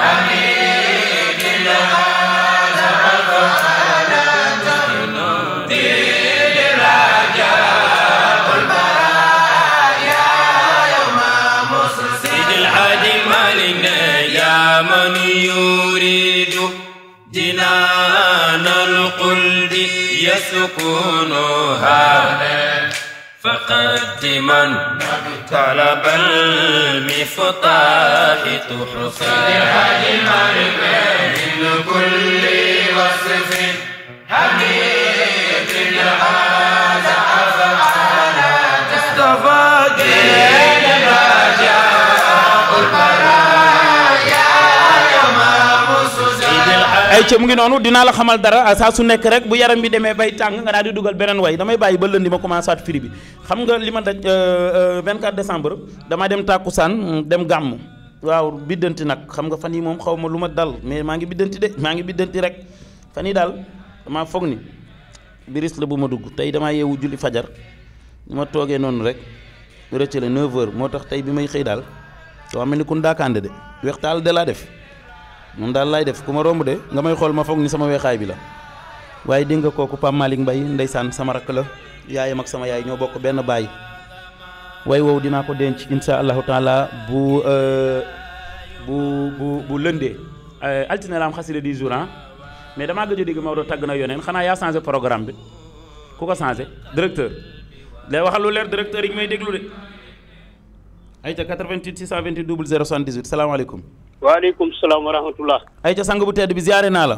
Speaker 1: حميد هذا
Speaker 2: فعلا تهديد رجاء البرايا يوم
Speaker 3: مصر سيد الحادي مالك يا من يريد
Speaker 2: جنان القلد يسكن
Speaker 8: متقدما طلب
Speaker 3: المفتاح تحصي لحلم من كل وصف حميد
Speaker 1: ay ci mu ngi nonu dina la xamal dara ah, sa su nek rek bu yaram bi deme bay tang nga daal duggal dugal way damay bayyi ba lendi ma commencé at firi bi xam nga lima ma 24 euh, euh, décembre dama dem takusan, dem gam waaw bidenti nak, xam nga fani mom xawma luma dal mais ma ngi bidenti de ma ngi bidenti rek fani dal dama fogni biris la buma dugg tay dama yewu julli fajar ñu ma toogee rek rëcc le 9 h motax tay bi may xey dal wa melni kun dakande de wextal de la def moom daal laay def ku ma romb de nga may xool ma foog ni sama weexaay bi la waaye dégg nga kooku Pape Malick Mbaye ndeysaan sama rakk la yaayam ak sama yaay ñoo bokk benn baay waaye wow dinaa ko denc insha allahu taala bu euh, bu bu bu lëndee euh, altine la am xasida di jour ah. mais damaa gëj a dégg Maodo tàgg na yoneen xanaa yaa changé programme bi ku ko changé directeur
Speaker 8: lay waxal lu leer directeur yi ñu may déglu de
Speaker 1: ayca 88 628 0078 salaamaaleykum
Speaker 8: waaleykum salaam wa
Speaker 1: ay ca sang bu tedd bi ziare naa la.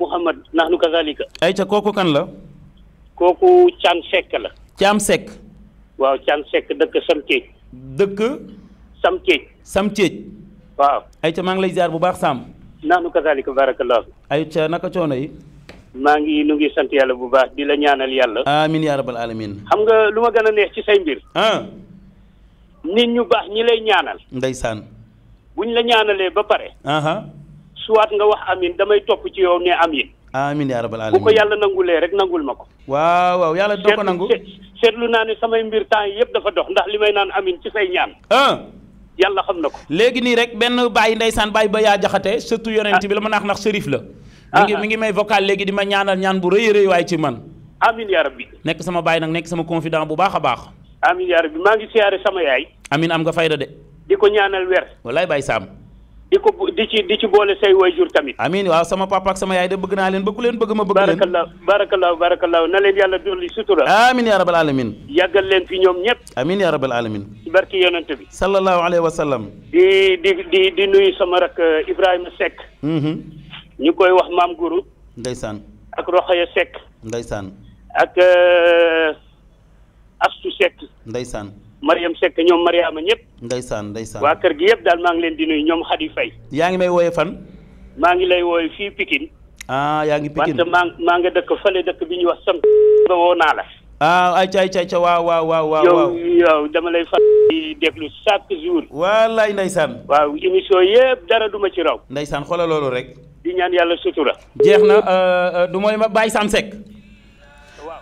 Speaker 8: Mouhamad nahnu kazalika.
Speaker 1: ayca kooku kan la.
Speaker 8: kooku Thiam Seck la. Thiam Seck. waaw Thiam Seck dëkk Sam Thièj. dëkk.
Speaker 1: Sam Thièj. Sam Thièj. waaw. ayca maa ngi lay ziar bu baax Sam.
Speaker 8: nahnu kazalika barakallah.
Speaker 1: ayca naka coono yi.
Speaker 8: maa ngi nu ngi sant yàlla bu baax di la ñaanal yàlla.
Speaker 1: amiin yaa rabbal alamin
Speaker 8: xam nga lu ma gën a neex ci say mbir. Ah. nit ñu baax ñi lay ñaanal. ndeysaan. buñ la ñaanalé ba pare suwat nga wax amin damay top ci yow né amin
Speaker 1: amin ya rabbal alamin bu ko yalla
Speaker 8: nangulé rek nangul mako
Speaker 1: waaw waaw yalla do ko nangul
Speaker 8: seetlu naa ne samay mbir tan yépp dafa dox ndax limay naan amin ci say ñaan
Speaker 1: yalla xam nako légui ni rek benn baye ndaysan baye ba ya jaxaté surtout yonent bi lama nax naax nax la mi ngi ah, ah. mi ngi may vocal légui di ma ñaanal ñaan bu rëy rëy way ci man amin ya rabbi Nek sama baye nak nek sama confident bu baakha baax amin ya rabbi ma ngi siaré sama yaay amin am nga fayda de di ko ñaanal weer. wallaay bay Sam. di ko di ci di ci boole say waajur tamit. amiin waaw sama papa ak sama yaay da bëgg naa leen bëggu leen bëgg ma bëgg leen. barakallahu barakallahu barakallahu na leen yàlla dolli sutura. amiin yaa rabal alamin.
Speaker 8: yàggal leen fi ñoom ñëpp.
Speaker 1: amiin yaa rabal alamin.
Speaker 8: ci barki yonent bi.
Speaker 1: sallallahu alayhi wa sallam.
Speaker 8: di di di nuyu sama rak uh, Ibrahima Seck. Mm-hmm. ñu koy wax maam Guru. ndeysaan. ak Rokhaya Seck. ndeysaan. ak uh, Astu Seck. ndeysaan. Mariam sekk ñoom Mariama ñëpp.
Speaker 1: ndeysaan ndeysaan
Speaker 8: waa kër gi yëpp daal maa ngi leen di nuyu ñoom Khady fay
Speaker 1: yaa ngi may wooye fan.
Speaker 8: maa ngi lay wooye fii Pikine. ah yaa ngi Pikine wante maa maa nga dëkk fële dëkk bi ñuy wax sam ba naa la.
Speaker 1: ah ayca ayca ayca waaw waaw waaw waaw.
Speaker 8: dama lay far di déglu chaque jour. wallaay ndeysaan. waaw émission yëpp dara duma ci raw. ndeysaan xoolal loolu rek. di
Speaker 1: ñaan yàlla sutura. jeex na euh, euh, du mooy ma Baye Sam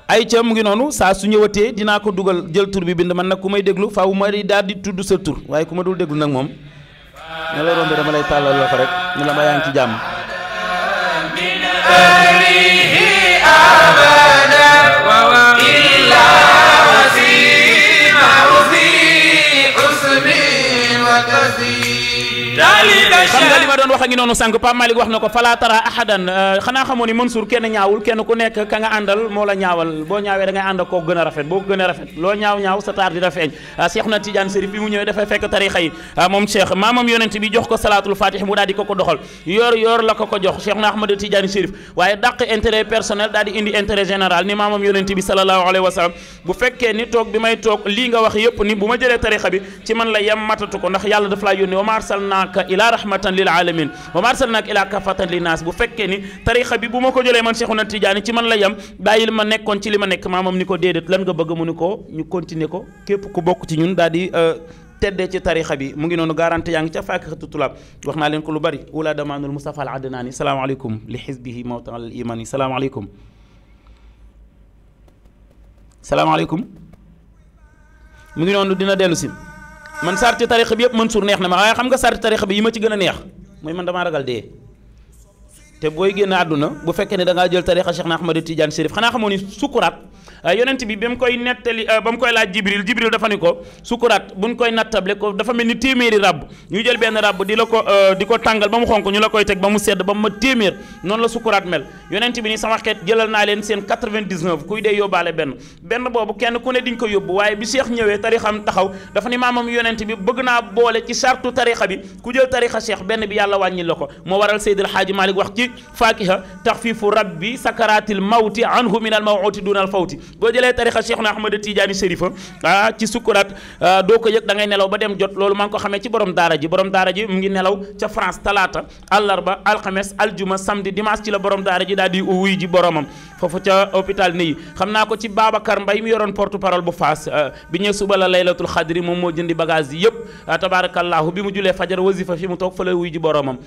Speaker 1: ay ca mu ngi noonu saa su ñëwatee dinaa ko dugal jël tur bi bind man nag ku may déglu faw ma di di tudd sa tur waaye ku ma dul déglu nag moom ne la rombe dama lay tàllal loxo rek ñu la ma yaa ngi ci jàmm xam nga li ma doon wax a ngi noonu sànq Pape Malick wax na ko fala tara ahadan xanaa xamoo ni Mansour kenn ñaawul kenn ku nekk ka nga àndal moo la ñaawal boo ñaawee da ngay ànd ak koo gën a rafet boo gën a rafet loo ñaaw ñaaw sa taar dina feeñ Cheikh na Tidiane Serif bi mu ñëwee dafay fekk tarixa yi moom Cheikh maamam yonent bi jox ko salaatul fatih mu daal di ko ko doxal yoor yoor la ko ko jox Cheikh na Ahmad Tidiane Serif waaye dàq intérêt personnel daal di indi intérêt général ni maamam yonent bi sallallahu alayhi wa sallam bu fekkee ni toog bi may toog lii nga wax yëpp ni bu ma jëlee tarixa bi ci man la yem matatu ko ndax yàlla daf laa yónni wa ma arsalna arsalnaka ila rahmatan lil alamin wa ma arsalnaaka ilaa kafatan nas bu fekke ni tariikha bi buma ko jole man Cheikhouna Tidiane ci man la yam bayil ma nekkon ci lima nek mamam niko dedet lan nga beug mu niko ñu continuer ko kep ku bok ci ñun daal di ci tariikha bi mu ngi nonu garantie yaa ci ca tulab waxna len ko lu bari ula damaanul mustafa al salam alaykum li hizbihi mawtan al alaykum salam alaykum mu ngi nonu dina delu si man sarti tarixa bi man Mansour neex na ma waaye xam nga sarti tarixa bi yi ma ci gën a neex mooy man damaa ragal dee te boy génn aduna bu fekkee ne da nga jël tarixa Cheikh na Tidiane Chérif xana xamoo sukurat yonent bi ba koy netali bam koy laaj jibril jibril dafa ni ko sukuraat buñ koy natable ko dafa melni téméri rab ñu jël ben rab di la ko di tàngal bam xonku ñu la koy tek bam mu sedd bam ma témér non la sukurat mel yonent bi ni sama xet jëlal na leen sen 99 kuy dé yobale ben ben bobu kenn ku ne diñ ko yóbbu waye bi Cheikh ñëwé tarixam taxaw dafa ni mamam yonent bi bëgg na boole ci sartu tarixa bi ku jël tarixa Cheikh ben bi yàlla wañi lako mo moo waral Seydil Hadji malik wax ci ci faakiha taxfifu rabbi sakaraatil mawti anhu min al mawuti duna al fawti boo jëlee tarixa Cheikhna Ahmada Tidiane Chérifa ah ci sukkuraat ah, doo ko yëg da ngay nelaw ba dem jot loolu maa ngi ko xamee ci borom daara ji borom daara ji mu ngi nelaw ca France talaata àllarba alxames aljuma samedi dimanche ci la borom daara ji daal di wuy ji boromam foofu ca hôpital nii xam naa ko ci Babacar Mbaye mi yoroon porte parole bu Fass ah, bi ñëw suba la laylatul xadri moom moo jëndi bagage yi ah, bi mu julee fajar wasifa fi mu toog fa la wuy ji boromam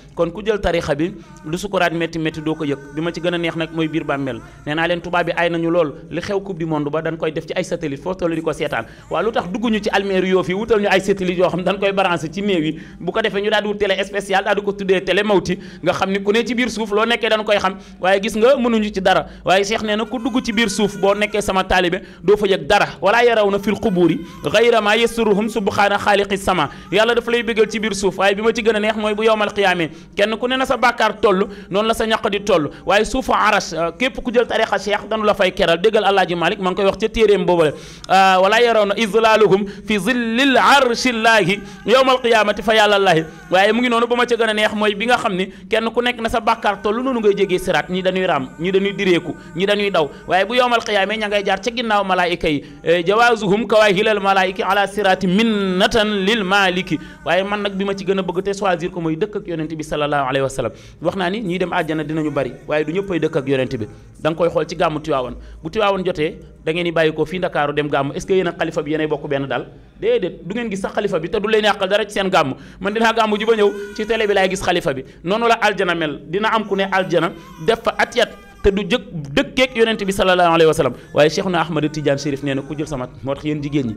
Speaker 1: daan métti métti do ko yëg bima ci gëna neex nak moy bir bammel neena len tuba bi ay nañu lool li xew coupe du monde ba dañ koy def ci ay satellite fo tolu diko ko wa lutax duggu tax ci almer yo fi wutal ñu ay satellite yo xam dañ koy branché ci néew yi bu ko defé ñu daal wut télé spécial daal ko tuddé télé mawti nga xamni ku ne ci bir souf lo nekké dañ koy xam waye gis nga mënu ñu ci dara waye Cheikh neena ku duggu ci bir souf bo nekké sama talibé do fa yëg dara wala yarawna fil quburi ghayra ma yasruhum subhana khaliqi sama yàlla dafa lay bëggal ci bir souf waye bima ci gëna neex moy bu yowmal qiyamé kenn ku ne na sa bakkar tollu no noonu la sa ñak di toll waye suufu aras kep ku jël tariqa cheikh danu la fay keral deegal alaaji malik mang koy wax ca téeréem boobale wala yarawna izlaaluhum fi zillil arshillah yawm alqiyamati fa allah waye mu ngi nonu buma ci gëna neex moy bi nga xamni kenn ku nekk na sa bàkkaar toll nonu ngay jégué sirat ñi dañuy ram ñi dañuy direeku ñi dañuy daw waye bu yawm alqiyamé ña ngay jaar ci ginnaw malaika yi jawazuhum kawahilal malaika ala sirati minnatan lil maliki waye man nak bima ci gëna bëgg te choisir ko moy dëkk ak yonnati bi sallallahu alayhi wasallam waxna ni ni dem àjjana dinañu bari waaye du ñëppay dëkk ak yonent bi da nga koy xool ci gàmmu Tiwaawan bu Tiwaawan jotee da ngeen di bàyyi ko fii Ndakaaru dem gàmmu est-ce que a xalifa bi yéenay bokk benn daal déedéet du ngeen gis sax xalifa bi te du leen yàqal dara ci seen gàmmu man dinaa gàmmu ji ba ñëw ci télé bi laay gis xalifa bi noonu la aljana mel dina am ku ne aljana def fa at yat te du jëkk dëkkeeg yonent bi sallallahu alayhi wa sallam waaye Cheikhuna Ahmad Tidiane Chérif nee na ku jël sama moo tax yéen jigéen ñi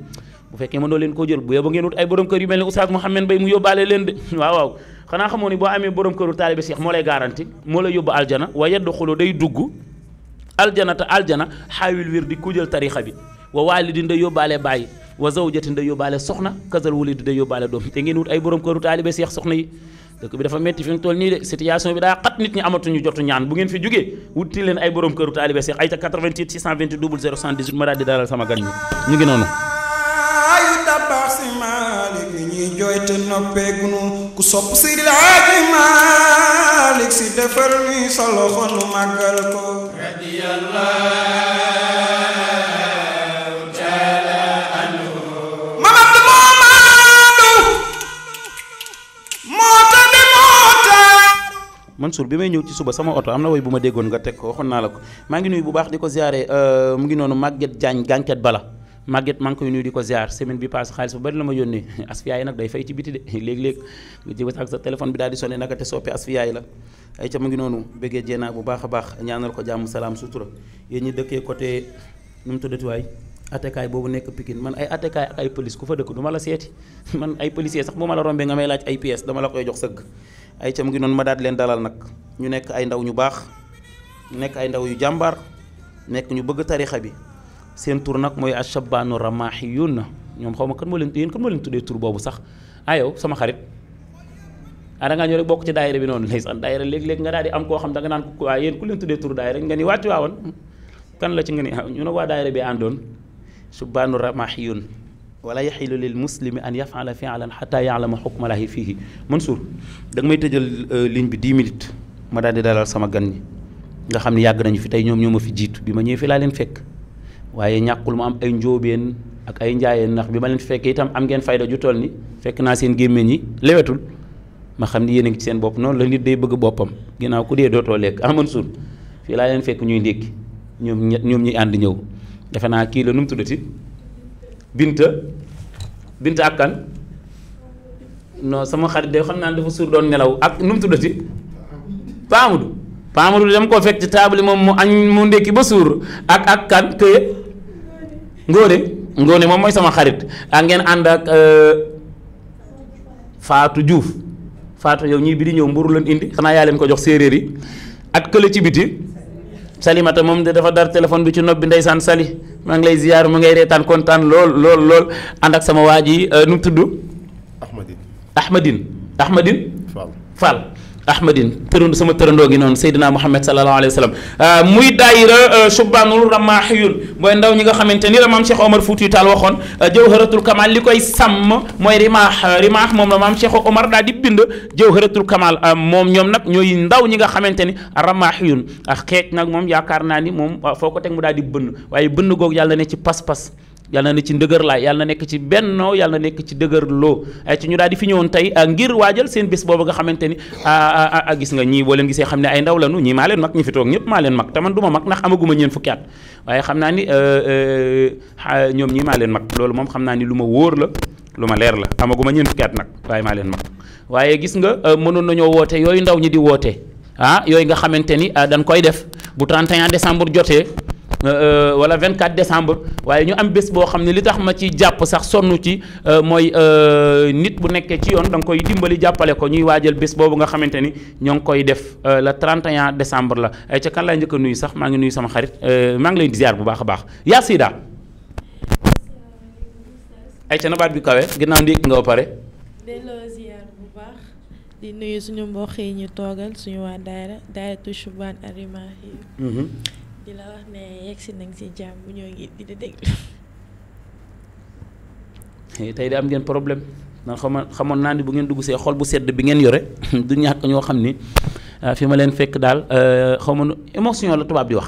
Speaker 1: bu fekkee mënoo leen koo jël bu yóbbu ngeen wut ay borom kër yu mel ne Oustaz Mouhamed Mbaye mu yóbbaale leen de waaw waaw xanaa xamoo ni boo amee borom këru taalibe Cheikh moo lay garanti moo lay yóbbu aljana wa yadxulu day dugg aljana te aljana xaawil wir di ku jël tarixa bi wa waalidin day yóbbaale bàyyi wa zawjatin day yóbbaale soxna kasal walidi day yóbbaale doom te ngeen wut ay borom këru taalibe Cheikh soxna yi dëkk bi dafa metti fi mu toll nii de situation bi daa xat nit ñi amatuñu jotu ñaan bu ngeen fi jógee wuti leen ay borom këru taalibe Seex ay ca ma daal di dalal sama gan ñi ñu ngi noonu.
Speaker 14: jooyte noppeegunu ku sopp si laaji Maalik si defar
Speaker 2: ñuy solo xonu màggal ko
Speaker 1: Mansour bi may ñëw ci suba sama oto am na woy bu ma déggoon nga teg ko waxoon naa la ko maa ngi nuyu bu baax di ko ziare euh, mu ngi noonu Maguette Diagne gànket bala Maguette maa ngi koy nuyu di ko ziar semaine bi passé xaalis ba bari la ma yónnee asfiya yi nag day fay ci biti de léeg-léeg nga jéem ak sa téléphone bi daal di sonné naka te soppi asfiya la ay ca mu ngi noonu bëggee jéenaa bu baax a baax ñaanal ko jàmm salaam sutura yéen ñi dëkkee côté nu mu tuddati waay attekaay boobu nekk Pikine man ay attekaay ak ay police ku fa dëkk du ma la seeti man ay policier sax bu ma la rombee nga may laaj ay pièces dama la koy jox sëgg ay cam ngi noonu ma daat leen dalal nag ñu nekk ay ndaw ñu baax nekk ay ndaw yu jàmbaar nekk ñu bëgg tarixa bi seen tur nag mooy ashabaanu ramahiyun na ñoom xaw ma kan moo leen yéen kan moo leen tuddee tur boobu sax ah xarit ah da ngaa ñëw rek bokk ci daayira koo xam da nga naan ko waaye yéen ku leen tuddee tur daayira nga ni wàcc waawoon kan la ci nga ni ñu ne waa daayira bi àndoon subbaanu ramahiyun wala yaxilu lil muslimi an yafala fi'lan xata yaalama xukma laahi fiihi Mansour da nga may tëjal 10 minutes ma daal di dalal sama gan ñi nga xam ne yàgg nañu fi tey ñoom ñoo ma fi jiitu bi ma ñëwee fi laa leen fekk waaye ñàkkul ma am ay njóobeen ak ay njaayeen ndax bi leen fekkee itam am ngeen fayda ju toll fekk naa seen gémmiñ yi lewetul ma xam yéen ngi ci seen bopp noonu la nit day bëgg boppam ginnaaw ku dee dootoo lekk ah Mansour fii laa leen fekk ñuy ndékki ñoom ñoom ñuy ànd ñëw defe naa kii la nu mu tuddati Binta Binta ak kan non sama xarit de xam naa dafa suur doon nelaw ak nu mu tuddati Paamudu Paamudu dama koo fekk ci table moom mu añ mu ndékki ba suur ak ak kan këye Ngóone Ngóone moom mooy sama xarit ak ngeen ànd ak euh, Faatu juuf Faatu yow ñii bi di ñëw mburu leen indi naa yaa leen ko jox séeréer yi ak kële ci biti. salimata moom de dafa dar téléphone bi ci nopp bi ndeysaan sali maa ngi lay ziyaar mu ngay reetaan kontaan lool lool lool ànd ak sama waa ji euh, nu mu tudd ahmadin ahmadin ahmadin Fall Fall ahmadin tërënd sama tërëndoo gi noonu Seydina Muhammad sallallahu alayhi wa sallam euh, muy daayira euh, Shubbaanul Ramahiyun mooy ndaw ñi nga xamante ni la maam Cheikh Omar Foutiyu Taal waxoon euh, Jawharatul Kamal li koy sàmm mooy rimaax rimaax moom la maam Cheikh Omar daal di bind Jawharatul Kamal moom ñoom nag ñooy ndaw ñi nga xamante ni Ramahiyun xeej nag moom yaakaar naa ni moom foo ko teg mu daal di bënn waaye bënn googu yàlla ne ci pas-pas yàlla na ci ndëgër laay yàlla na nekk ci bennoo yàlla na nekk ci dëgër loo ay ci ñu daal di fi ñëwoon tey ah, ngir waajal seen bés boobu nga xamante ni a ah, ah, gis nga ñii boo leen gisee xam ne ay ndaw lanu ñii ñi maa leen mag te man du ma mag ndax amaguma ñeen fukki at waaye xam naa ni euh, euh, ñoom ñii maa leen mag loolu moom xam naa ni lu ma wóor la lu ma leer la amaguma ñeen fukki at nag waaye maa leen mag waaye gis nga euh, mënoon nañoo woote yooyu ndaw ñi di woote ah yooyu nga xamante ni dañ koy def bu 31 décembre jotee Euh, euh, wala 24 decembre waaye ñu am bés boo xam ne li tax ma ci jàpp sax sonn ci euh, mooy nit bu nekkee ci yoon da koy dimbali jàppale ko ñuy waajal bés boobu nga xamante ni ñoo ngi koy def le 31 décembre la ay ca kan laay njëkk a nuyu sax maa ngi nuyu sama xarit maa ngi leen di ziar bu baax a baax yaa Sida ay ca nabaat bi kawe ginnaaw ndéeg nga ba pare.
Speaker 5: di nuyu suñu mbokk yi ñu toogal suñu waa daayira daayira Touchou Ban Arimahi mm-hmm. di la wax ne yegsi nañ si jàmm ñoo ngi di di déglu.
Speaker 1: Eh, tey de am ngeen problème ndax xama xamoon naa ni bu ngeen dugg see xol bu sedd bi ngeen yore du ñàkk ñoo xam ni ah, fi ma leen fekk daal eh, xaw ma nu émotion la tubaab di wax.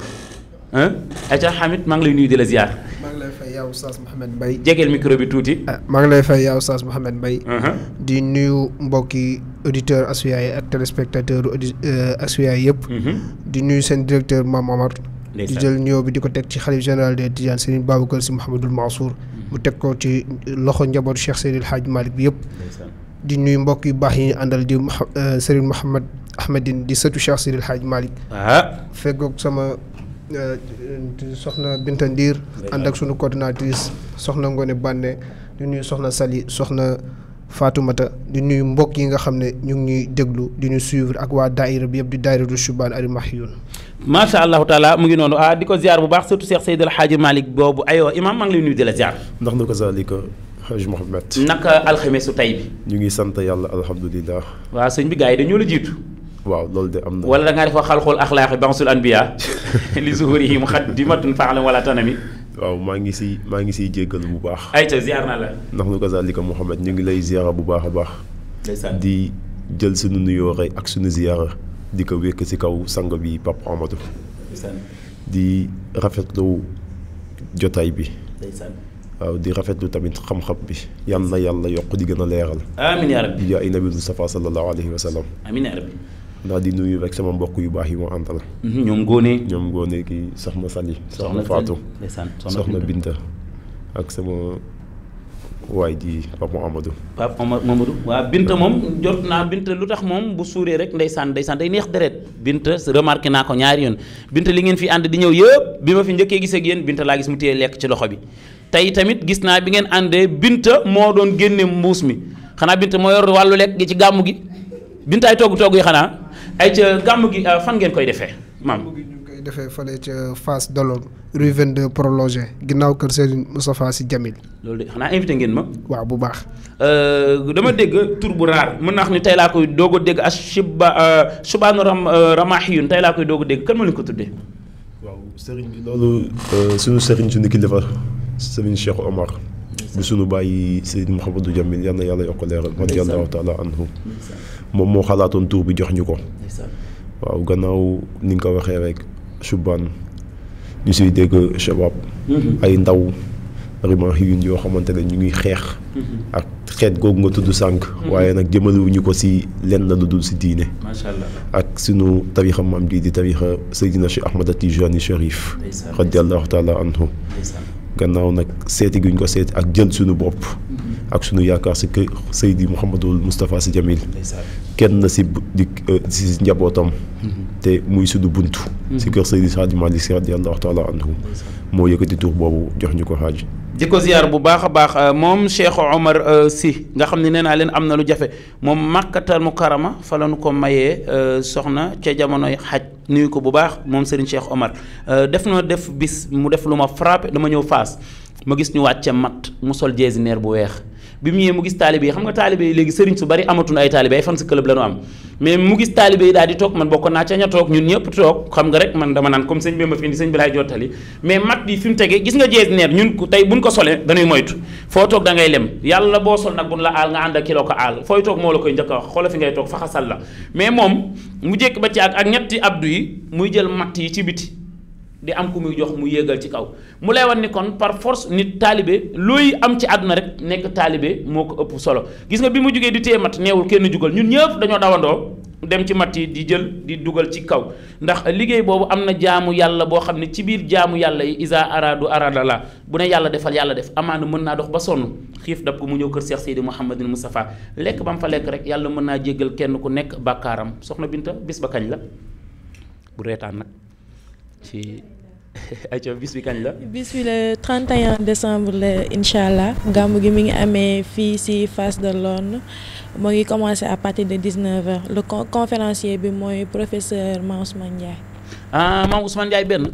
Speaker 1: Aïcha Hamid maa ngi lay nuyu di la ziar.
Speaker 14: maa ngi lay fay yow Oustaz Mouhamed Mbaye. jegeel micro tuuti. Ah, maa ngi lay fay yow Oustaz Mouhamed Mbaye. Uh-huh. di nuyu mbokki auditeurs Asfiyahi ak téléspectateurs audi euh, Asfiyahi yëpp. Uh-huh. di nuyu seen directeur Mame Omar. di jël ñëw bi di ko teg ci xalif général des Tidianes Serigne Babacar Sy Mouhamadul Mansour mu teg ko ci loxo njabootu Cheikh Seydil Hadj Malick bi yëpp di nuyu mbokk yu baax yi ñu àndal di Serigne Mouhamad Ahmadine di sëtu Cheikh Seydil Hadj Malick feggoog sama soxna Binta Ndiir ànd ak sunu coordinatrice soxna Ngone Bànne di nuyu soxna Sali soxna Fatoumata di nuyu mbokk yi nga xam ne ñu ngi ñuy déglu di ñu suivre ak waa daaira bi yëpp di daaira du Shubaan Al Mahyun
Speaker 1: ما شاء الله تعالى مغي نونو اه ديكو زيار بو باخ سورتو شيخ سيد الحاج مالك بوبو ايو امام ماغ نوي ديلا زيار
Speaker 13: ندخ نوكو زاليك حاج محمد
Speaker 1: نك الخميس تاي
Speaker 13: نيغي سانت يالا الحمد لله
Speaker 1: وا سيغ بي غاي دانيو لا جيتو واو لول دي امنا ولا داغا ديفو خال
Speaker 13: خول اخلاق بانس الانبياء لي زهوري مقدمه فعل ولا تنمي واو ماغي سي ماغي سي جيغال بو باخ ايتا زيارنا لا ندخ نوكو زاليك محمد نيغي لاي زيارا بو باخ باخ دي جيل نيو ري اك زياره di ko wékk ci kaw sang bi Pape Amadou di rafetlu jotaay bi waaw di rafetlu tamit xam-xam bi yal na yàlla yokk di gën a leeral amiin yaa rabbi yaa nabi Mustafa sallallahu alayhi wa sallam amiin yaa rabbi ndax di nuyu rek sama mbokk yu baax yi ma àndal ñoom góone ñoom góone kii soxna Sali soxna Fatou soxna Binta ak sama waay ji Pape Amadou.
Speaker 1: Pape Amadou waaw Binta moom jot naa Binta lu tax moom bu suuree rek ndeysaan ndeysaan day neex deret Binta remarqué naa ko ñaari yoon Binta li ngeen fi ànd di ñëw yëpp bi ma fi njëkkee gis ak yéen Binta laa gis mu téye lekk ci loxo bi. tey tamit gis naa bi ngeen àndee Binta moo doon génne mbuus mi xanaa Binta moo yor wàllu lekk gi ci gàmm gi Binta ay togg togg yi xanaa ay ca gàmm gi ah, fan ngeen koy defee
Speaker 14: maam. defee fële ca face Delorme rue 22 prolongé ginnaaw kër Serigne Moustapha Sy Djamil.
Speaker 1: loolu de xanaa invité ngeen ma. waaw bu baax. Euh, dama dégg tur bu raar mën naa wax ni tey laa koy doog a dégg as suba euh, subaanu ram euh, ramaaxiyun tey laa koy doog a dégg kan ma leen ko tuddee.
Speaker 13: waaw Serigne bi loolu. sunu Serigne sunu kilifa Serigne Cheikh Omar. bu sunu bàyyi Seydou Mouhamadou Djamil yal na yàlla yokk leeral. radiyallahu taala anhu moom moo xalaatoon tur bi jox ñu ko. waaw gannaaw ni nga ko waxee rek Subaan ñu siy dégg Shabab. ay ndaw rimahiyun yoo xamante ne ñu ngi xeex. ak xeet googu nga tudd sànq. waaye nag jëmalewuñu ko si lenn lu dul si diine. macha allah ak sunu tarixa maam bii di tarixa Seydina Cheikh Ahmad Tijani Cherif. radiallahu taala anhu gannaaw nag seeti guñ ko seeti ak jël sunu bopp. ak sunu yaakaar si kër Seydi Mouhamadul Moustapha si Jamil kenn si di euh, si njabootam. Mm-hmm. te muy sudu buntu. Mm-hmm. si kër Seydi Hadji Malick Sy radiyallahu taala anhu mm-hmm. moo yëkkati tur boobu jox ñu ko xaaj.
Speaker 1: di ko ziar bu baax a baax euh, moom Cheikh Omar euh, si nga xam ne nee naa leen am na lu jafe moom Makkatal Mukarrama fa la ñu ko mayee soxna ca jamonoy xaj nuyu ko bu baax moom Serigne Cheikh Omar def na def bis mu def lu ma frappé dama ñëw faas ma gis ñu wàcce mat mu sol jeesineer bu weex. bi mu ñëwee mu gis taalibe yi xam nga taalibe yi léegi sëriñ su bari amatuñu ay taalibe ay fan sa club la nu am mais mu gis taalibe yi daal di toog man bokkoon naa ca ña toog ñun ñëpp toog xam nga rek man dama naan comme sëñ bi ma fi indi sëñ bi laay mais mat bi fi mu tegee gis nga jees neer ñun tey buñ ko solee dañuy moytu foo toog da ngay lem yàlla boo sol nag buñ la aal nga ànd ak kilo ko aal fooy toog moo la koy njëkk a wax xoola fi ngay toog faxasal la mais moom mu jékk ba ci ak ak ñetti abdu yi muy jël matt yi ci biti di am ku muy jox mu yégal ci kaw mu lay wan ni kon par force nit taalibe looy am ci àdduna rek nekk taalibe moo ko ëpp solo gis nga bi mu jógee di téye mat neewul kenn jugal ñun ñëpp dañoo dawandoo dem ci mat yi di jël di dugal ci kaw ndax liggéey boobu am na jaamu yàlla boo xam ne ci biir jaamu yàlla isa aradu arada la bu ne yàlla defal yàlla def amaana mën naa dox ba sonn xiif dab ko mu ñëw kër Cheikh Seydi Mouhamadul Moustapha lekk ba mu fa lekk rek yàlla mën naa jéggal kenn ku nekk bàkkaaram soxna Binta bis ba kañ la bu reetaan nag ci ayca bis bi kañ la.
Speaker 5: bis bi le 31 décembre la incha allah gi mi ngi amee fii ci face de l'Orne moo ngi commencé à partir de 19h le conférencier bi mooy professeur Mame Ndiaye.
Speaker 1: ah Mame Ousmane Ndiaye benn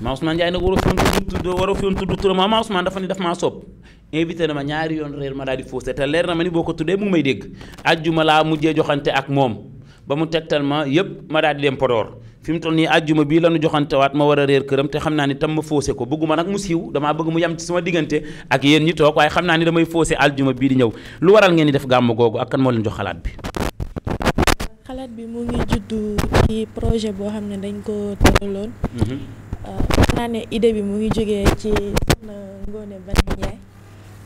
Speaker 1: Mame Ousmane Ndiaye nag war a fi woon tudd war a fi tudd turam Mame ah, Ousmane dafa ni daf maa soob. invité na ma ñaari yoon réer ma daal di faussé te leer na ma ni boo ko tuddee mu may dégg ajjuma laa mujjee joxante ak moom ba mu tegtal ma yëpp ma daal di dem fi mu toll nii àjjuma bii la ma war a réer këram te xam naa ni tam ma faussé ko bëgguma nag mu siiw damaa bëgg mu yam ci sama diggante ak yéen ñi toog waaye xam ni damay faussé àjjuma bii di ñëw lu waral ngeen di def gàmmu googu ak kan moo leen jox xalaat bi.
Speaker 5: xalaat bi mu ngi juddu ci projet boo dañ ko mhm. euh, idée bi ngi ci Ngone Bane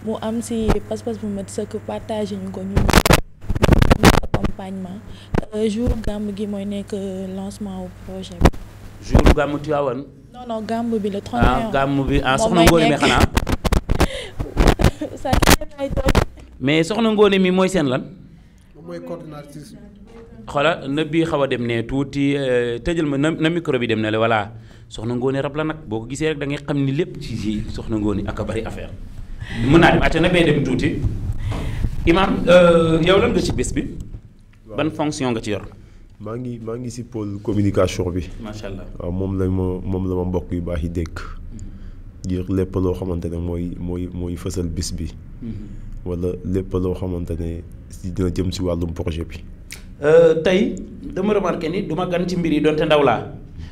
Speaker 5: mu am si pas-pas bu mat sëkk partage ñu ko accompagnement euh, jour gàmm gi mooy nekk euh, lancement au projet bi.
Speaker 1: jour gàmm Tivaouane.
Speaker 5: non non gàmm bi le 31. ah gàmm bi ah soxna Ngóone mi xanaa.
Speaker 1: mais soxna Ngóone mi mooy seen lan.
Speaker 14: mooy coordonnatrice bi.
Speaker 1: xoolal na bii xaw a dem ne touti tejeul ma na micro bi dem ne wala soxna Ngóone rap la nak boko ko gisee rek da ngay xamni lepp lépp ci soxna Ngóone ak bari affaire mën naa dem àcc na bee dem touti Imam euh, yow lan nga ci bés bi. ban fonction nga ci yor.
Speaker 13: ma ngi ma ngi ci pôle communication bi. macha allah waaw la mom la ma mbokk yu baax yi dékk. Mm-hmm. ngir lépp loo xamante moy moy mooy mooy bis bi. Mm-hmm. wala lepp lo xamantene ci dina jëm ci walum projet bi.
Speaker 1: Euh, tay dama remarquer ni duma gan ci mbiri donte ndaw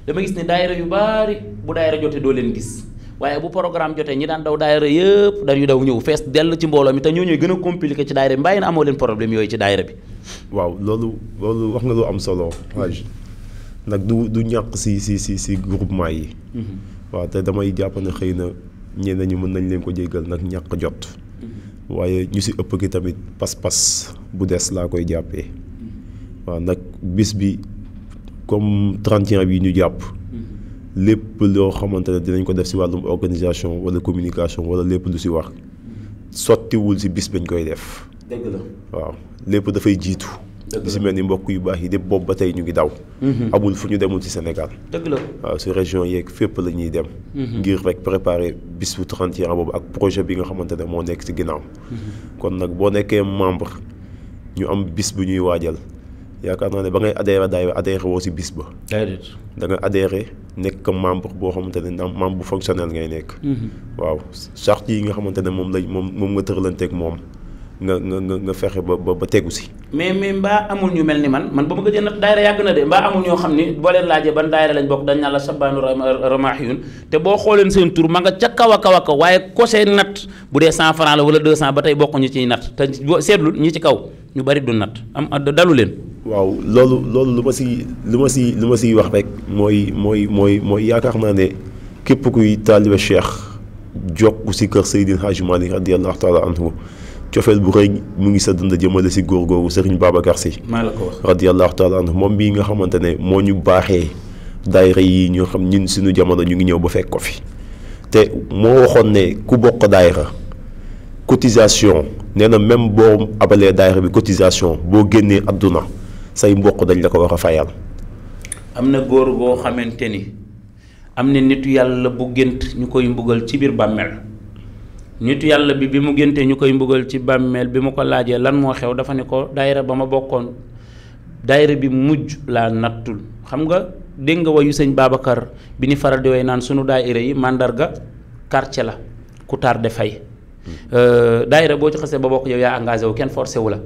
Speaker 1: dama gis ni daayira yu bari bu daayira jotté do len gis. waaye bu programme jotee ñi daan daw daayira yëpp dañu daw ñëw fees dell ci mbooloo mi te ñoo gën a compliqué ci daayira bi mbàyyi na amoo leen problème yooyu ci
Speaker 13: daayira bi waaw loolu loolu wax nga lu am solo Haj mm-hmm. nag du du ñàkk si si si si groupement yi mm-hmm. waaw te damay jàpp ne xëy na ñenn nañu mën nañ leen ko jéggal nag ñàkk jot mm-hmm. waaye ñu si ëpp ki tamit pas-pas bu des laa koy jàppee waaw nag bis bi comme 31 bi ñu jàpp lépp loo xamante ne dinañ ko def si wàllum organisation wala communication wala lépp lu si wax sottiwul si bis bañ koy def. dëgg la waaw lépp dafay jiitu. di si mel ni mbokk yu baax yi de boobu ba tey ñu ngi daw. Mhm. amul fu ñu demul ci Sénégal. dëgg la waaw si région yeeg fépp la ñuy dem. Mhm. ngir rek préparer bis bu 31 boobu ak projet bi nga xamante ne moo nekk si ginnaaw. Mhm. kon nag boo nekkee membre ñu am bis bu ñuy waajal. yaakaar naa ne ba ngay adhéré daay adhéré woo si bis ba. da nga nekk membre boo xamante ne membre bu fonctionnel ngay nekk. Mhm. waaw charte yi nga xamante ne moom lañ moom moom nga tëralanteeg moom nga nga nga nga fexe ba ba tegu si.
Speaker 1: mais mais mbaa amul ñu mel ni man man ba ma gëj a nag na de ñoo xam ni boo leen laajee ban daayira lañ bokk dañ naan la sabaanu ramaaxiyun te boo xooleen seen tur ma nga ca kaw a kaw a kaw waaye kosee nat bu dee 100 francs la wala 200 ba tey ñu ciy nat te seetlu ñi ci kaw. ñu bari du nat
Speaker 13: am dalu leen. waaw loolu loolu lu ma si lu ma si lu ma siy wax rek mooy mooy mooy mooy yaakaar naa ne képp kuy taalibe cheikh jokk si kër seydine Hadji Malick radiyallahu taala anhu cofeel bu rëy mu ngi sa dund jëmale si góor googu Serigne Babacar Sy. maa la ko wax radiyallahu taala anhu moom bii nga xamante ne moo ñu baaxee daayira yi ñu xam ñun suñu jamono ñu ngi ñëw ba fekk ko fi te moo waxoon ne ku bokk daayira cotisation. nee na même boo abalee daayira bi cotisation boo génnee àdduna say mbokk dañ la ko war a fayal.
Speaker 1: am na góor boo xamante ni am na nitu yàlla bu gént ñu koy mbugal ci biir bàmmeel nitu yàlla bi bi mu géntee ñu koy mbugal ci bàmmeel bi mu ko laajee lan moo xew dafa ne ko dayre ba ma bokkoon daayira bi mujj laa nattul xam nga dégg nga wayu sëñ Babacar bi ni faral di way naan sunu daayira yi màndarga quartier la ku tardé fay Euh, daayira boo ci xasee ba bokk yow yaa engagé wu kenn forcé wu la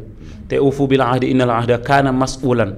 Speaker 1: te ufu bil la innal ahda kaana mas masulan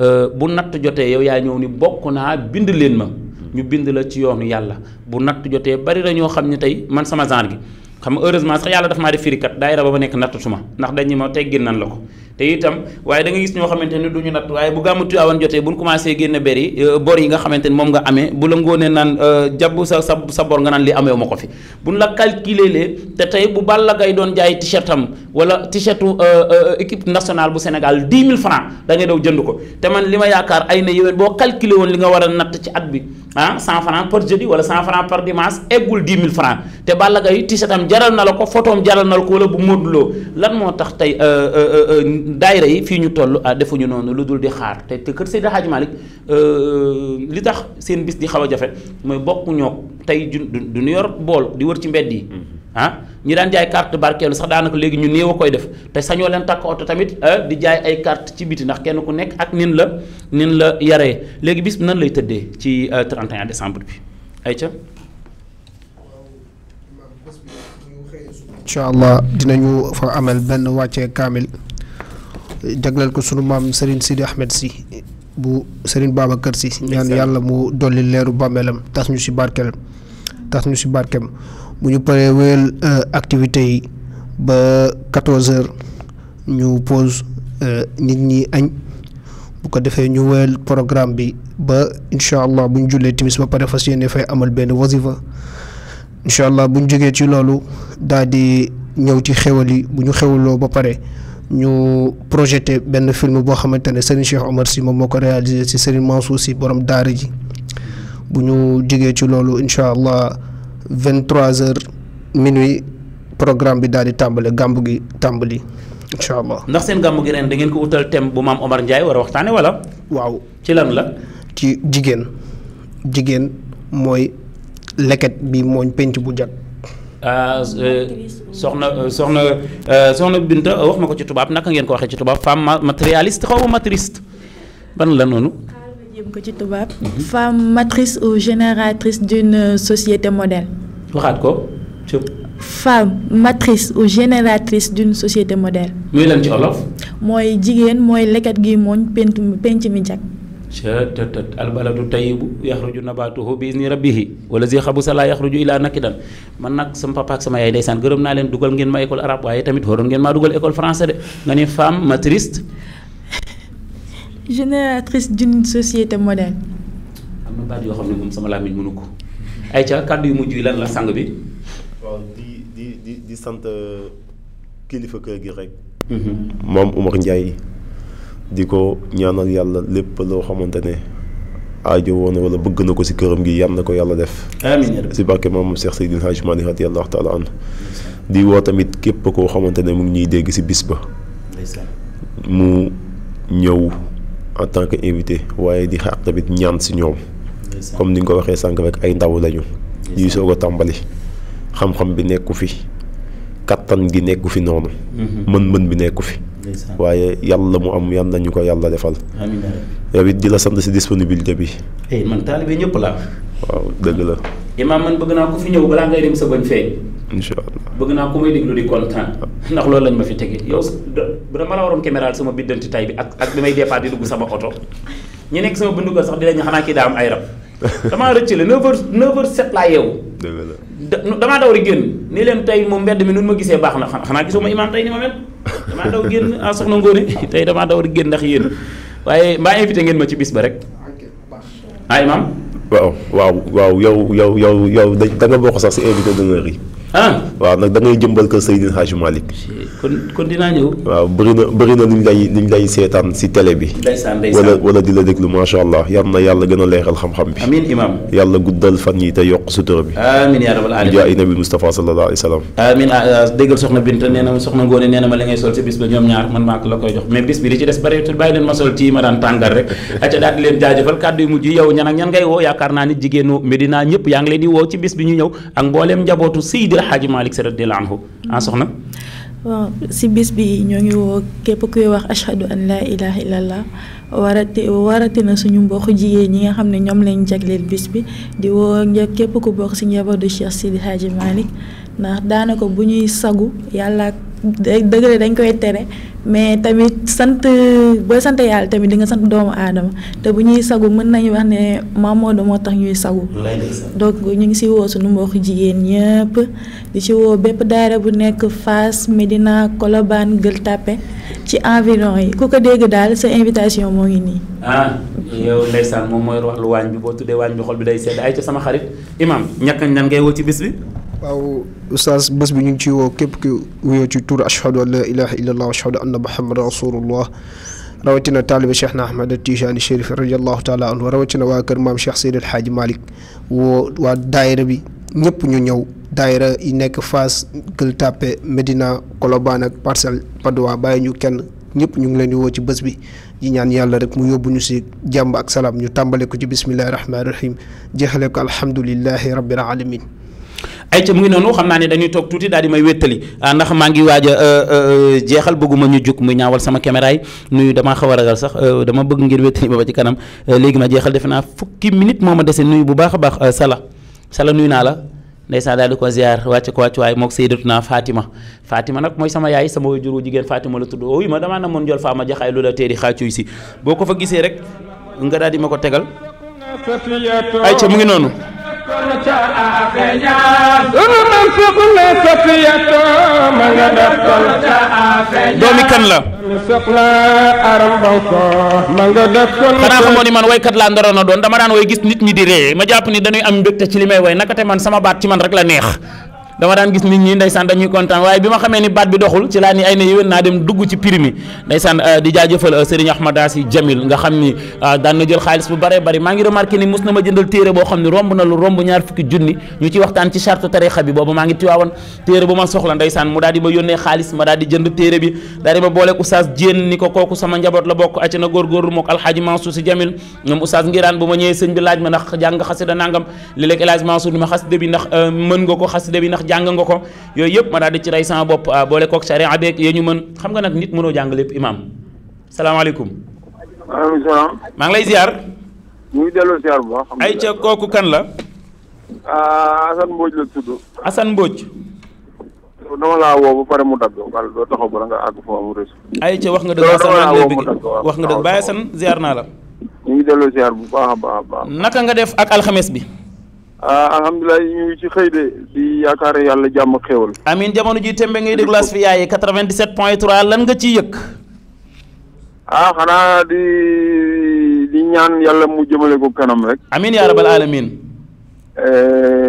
Speaker 1: euh, bu natt jotee yow yaa ñëw ni bokk naa bind leen ma ñu bind la ci yoonu yàlla bu natt jotee bari na ñoo xam ne tey man sama genre gi xam nga heureusement sax yàlla daf maa def firikat daayira ba ma nekk nattatuma ndax dañ ma teggin nan la ko te itam waaye da gis ñoo xamante ne du ñu natt waaye bu gàmmu Tiwaawan jotee buñ commencé génn beri euh, bor yi nga xamante ne moom nga amee bu la ngoonee naan euh, jàpp sa sa bor nga naan li amee ma ko fi bu buñ la calculer lee te tey bu Balla Gaye doon jaay t-shirt am wala t-shirtu euh, équipe nationale bu Sénégal dix mille francs dangay ngay jënd ko te man li ma yaakaar ay na yowén boo calculer woon li nga war a natt ci at bi ah 100 francs par jeudi wala 100 par dimanche eggul 10 000 francs te Balla Gaye t-shirt am jaral na la ko photo jaral na ko wala bu Modou lan moo tax tey daayira yi fii ñu toll ah, defuñu noonu lu dul di xaar te te kër Seydi Hadji Malick euh, li tax seen bis di xaw a jafe mooy bokkuñoo tey du du yor bool di wër ci mbedd yi. Mm-hmm. ah ñi daan jaay carte barkeelu sax daanaka léegi ñu néew a koy def te sañoo leen takk oto tamit ah, di jaay ay carte ci biti ndax kenn ku nekk ak nin la nin la yaree léegi bis bi nan lay tëddee ci 31 euh, décembre bi ayca.
Speaker 14: incha allah dinañu fa ameel benn wàccee kaamil. jagleel ko sunu maam Serigne Sidi Ahmed si bu Serigne Babacar si ñaan yàlla mu dolli leeru bàmmeelam tas ñu si barkeelam tas ñu si barkeem bu ñu paree wéyal euh, activités yi ba quatorze heures ñu pause euh, nit ñi añ bu ko defee ñu wéyal programme bi ba incha allah bu ñu jullee timis ba pare fas yéene fay amal benn wasifa incha allah bu ñu jógee ci loolu daal di ñëw ci xewal yi bu ñu xewaloo ba pare ñu projeté benn film boo xamante ne Serigne Cheikh Omar Sy moom moo ko réalisé ci Serigne Mansour Sy borom daara ji bu ñu jigee ci loolu incha allah vingt trois heures minuit programme bi daal di tàmbale gàmb gi tàmbali incha allah.
Speaker 1: ndax seen gàmb gi ren da ngeen ko utal thème bu maam Omar Ndiaye war a waxtaane wala. waaw ci lan la. ci jigéen
Speaker 14: jigéen mooy leket bi mooñ penc bu jag.
Speaker 1: Euh, euh, soxna euh, soxna soxna Binta wax ma ko ci tubab nak ngeen ko waxe ci tubab femme matérialiste xawu matriste ban la noonu.
Speaker 5: jéem ko ci tubaab. femme matrice ou génératrice d'une société modèle. waxat ko. femme matrice ou génératrice d'une société modèle.
Speaker 1: muy lan ci olof.
Speaker 5: mooy jigéen mooy lekkat gi moñ pentu pentu mi jag.
Speaker 1: ctt albaladu tayibu yaxruju nabatuhu bi izni rabbihi wala zi xabusa laa yaxruju nakki nakidan man nag sama papa sama yaay ndeysaan gërëm naa leen dugal ngeen ma école arabe waaye tamit waroon ngeen maa dugal école français de nga ne femme ma triste
Speaker 5: génératrice d'une société moderne
Speaker 1: am na baat yoo xam ne moom sama làmmiñ mënu ko ay ca kàddu yu mujj yi lan la sang bi
Speaker 13: waaw di di di sant euh, kilifa kër gi rek mhm. moom Oumar Ndiaye di ko ñaanal yàlla lépp loo xamante ne aajo woon wala bëgg na ko si këram gi yàlla na ko yàlla def. amiin si barke maam Cheikh Seydil Hadji Malick radiyallahu taala an di woo tamit képp koo xamante ne mu ngi ñuy dégg si bis ba. mu ñëw en tant que invité waaye di xaar tamit ñaan si ñoom. comme ni nga ko waxee sànq rek ay ndaw lañu. ñuy soog a tàmbali. xam-xam bi nekku fi kattan gi nekku fi noonu. Mhm. mën-mën bi nekku fi. waaye yàlla mu am yàlla ñu ko yàlla defal. amiin yow it di la sant si disponibilité bi.
Speaker 1: eh man taalibe ñëpp laa.
Speaker 13: waaw dëgg la.
Speaker 1: imaam man bëgg naa ku fi ñëw balaa ngay dem sa bañ feeñ. incha allah bëgg naa ku may déglu di kontaan. Ah. ndax loolu lañ ma fi tege yow dama la waroon caméral sama biddanti tay bi ak ak bi may départ di dugg sama oto ñu nekk sama bundugal sax dinañ xanaa kii daa am ay damaa rëccale 9h 9h07 laa yeewu. damaa daw génn nii leen tey moom mbedd mi nun ma gise baax na xanaa gisuma imaam tey ni ma mel damaa daw génn ah soxna Ngóone tey damaa daw génn ndax yéen waaye mbaa invité ngeen ma ci bis ba rek
Speaker 13: ah imaam. waaw waaw waaw yow yow yow yow da nga bokk sax si invité d'honneur yi. ah waaw nag da ngay jëmbal kër Seydil Hadji Malick.
Speaker 1: kon kon dinaa ñëw.
Speaker 13: waaw bëri na bëri na luñ seetaan si télé bi. wala di la déglu a leexal xam-xam bi. amiin ah,
Speaker 1: ah, ma sol si bis ba ñoom ñaar man maa ko la koy jox mais bi li ci des bëreetul bàyyi leen ma sol tii ma daan tàngal rek acca daal leen jaajëfal kàddu yu mujj yi yow ñan ak ñan ngay woo yaakaar naa ni jigéenu Medina ñëpp yaa ngi leen di woo ci bis bi ñu ñëw ak mbooleem njabootu Seydi wala xaaji Malick Sy radiyallahu anhu ah soxna.
Speaker 5: waaw si bis bi ñoo ngi woo képp kuy wax ashhadu an laa ilaha illallah warati warati na suñu mbokk jigéen ñi nga xam ne ñoom lañ jagleel bis bi di woo képp ku bokk si njaboot du Cheikh Sidi Hadji Malick ndax daanaka bu ñuy sagu yàlla dëgg dañ koy tere mais tamit sant booy sant yàlla tamit di nga sant doomu aadama te bu ñuy sagu mën nañu wax ne Mamadou moo tax ñuy sagu donc ñu ngi si woo suñu mbokk jigéen ñëpp di ci woo bépp daara bu nekk Fass Medina Colobane gël Tapée ci environ yi ku ko dégg daal sa invitation moo ngi nii
Speaker 1: ah yow ndeysaan moom mooy wax lu waañ bi boo tuddee waañ bi xol bi day sedd ay ca sama xarit imam ñakkañ ñan ngay woo ci bis bi
Speaker 14: waaw oustaz bés bi ñu ngi ciy woo képp ki wuyoo ci tur ashhadu an la ilaha illallah wa ashhadu anna muhammadan rasulullah rawatina taaliba cheikh na ahmad tijani chérif radiallahu taala anhu rawatina waa kër maam cheikh seydil haaji malik woo waa daayira bi ñëpp ñu ñëw daayira yi nekk fas Gueule Tapée Médina Colobane ak Parcelles Padoue bàyyi ñu kenn ñëpp ñu ngi leen di woo ci bés bi di ñaan yàlla rek mu yóbbu ñu si jàmb ak salaam ñu tàmbale ko ci bismillahi rahmaani rahim jeexale ko alhamdulillahi ay ca mu ngi noonu xam naa ne
Speaker 1: dañuy toog tuuti daal di may wéttali ah, ndax maa ngi waaja euh, euh, jeexal bëgguma ñu jug mu ñaawal sama caméra nuyu dama xaw a ragal sax euh, dama bëgg ngir wéttali ba ba ci kanam léegi ma jeexal defe naa fukki minute moo ma dese nuyu bu baax a baax sala sala nuyu naa la ndeysaan daal di ko ziar wàcc ko wàccuwaay mook Sayyidatuna Fatima Fatima nag mooy sama yaay sama juru jigéen Fatima la tudd ooy ma damaa na moon jol faama jaxaay lu la teeri xaacuy si boo ko fa gisee rek nga daal di ma ko tegal
Speaker 10: mu ngi noonu
Speaker 4: doomi kan la. xanaa
Speaker 1: xamoon ni man waykat laa ndoroon a doon dama daan woy gis nit ñi di ree ma jàpp ni dañuy am mbégte ci li may way naka man sama baat ci man rek la neex. dama daan gis nit ñi ndeysaan dañuy kontaan waaye bi ma xamee ni baat bi doxul ci laa ni ay na yéwén naa dem dugg ci prix ndeysaan euh, di jaajëfal euh, Serigne Ahmada Sy Jamil nga xam ni euh, daan na jël xaalis bu bare bari maa ngi remarqué ni mus na ma jëndal téere boo xam ne romb na lu romb ñaar fukki junni ñu ci waxtaan ci charte tarixa bi boobu maa ngi tiwaawan téere bu ma soxla ndeysaan mu daal di ma yónnee xaalis ma daal di jënd téere bi daal di ma boole bokk acca na góorgóorlu mook alxaaji Mansour Sy Jamil ñoom jang nga ko yoy yep ma daal di ci rey sama bopp ah, boole koog sharia be ye ñu mën xam nga nak nit mëno jang lepp imam salaamaaleykum.
Speaker 15: alaykum ma maa ngi lay ziar. ñu ngi ziar bu baax. ay ci koku kan la. ah Assane Mbodj la tuddu Assane Mbodj. dama laa woo ba pare mu dagg wala do taxaw bu nga àgg fo mu rës.
Speaker 1: ay ca wax nga dëgg Assane maa ngi lay bëgg wax nga dëgg Baye Assane ziar naa la. ñu ngi ziar bu baax a baax a naka nga def ak khamis bi. Ah, alhamdulilah ñu ngi ci xëy de di yaakaar yàlla jàmm ak xéwal.
Speaker 15: jamono ji tembe ngay déglu
Speaker 1: Asfiya yi 97 point 3 lan nga ci yëg.
Speaker 15: ah xanaa di ñaan yàlla mu jëmale ko kanam rek. amiin yaa rabal alamin eh,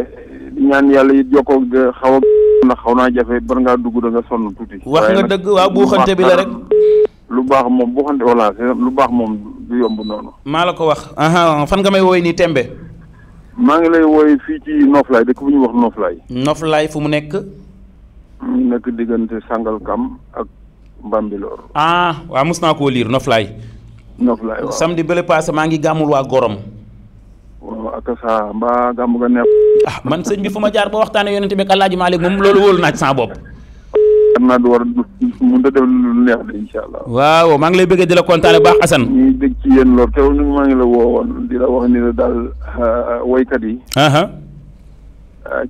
Speaker 15: di ñaan yàlla it jokkoo xaw ndax xaw naa jafe bar ngaa dugg da sonn tuuti. wax nga dëgg waaw buuxante bi la rek. lu baax moom buuxante walla lu baax moom du yomb noonu.
Speaker 1: maa la ko wax fan nga may woy nii tembe.
Speaker 15: maa ngi lay wooye fii ci Noflaay dëkk bu ñuy wax Noflaay.
Speaker 1: Noflaay fu mu nekk.
Speaker 15: mu nekk diggante Sangalkam ak Mbambilor.
Speaker 1: ah waaw mos naa ko liir Noflaay. Noflaay waaw samedi bële paase maa ngi gàmmul waa Gorom. waaw ak saa mbaa gàmm nga nekk. ah man sëñ bi fu ma jaar ba waxtaanee yonent bi ak Alaaji Maalik moom loolu wóolu naaj sama bopp.
Speaker 15: xam naa du war a mënut a def lu neex de incha allah.
Speaker 1: waaw maa ngi lay bëggee di la kontaane baax Assane. ñu
Speaker 15: ngi ci yéen lool teewul ni maa ngi la woowoon di la wax ni la daal woykat yi. Ah,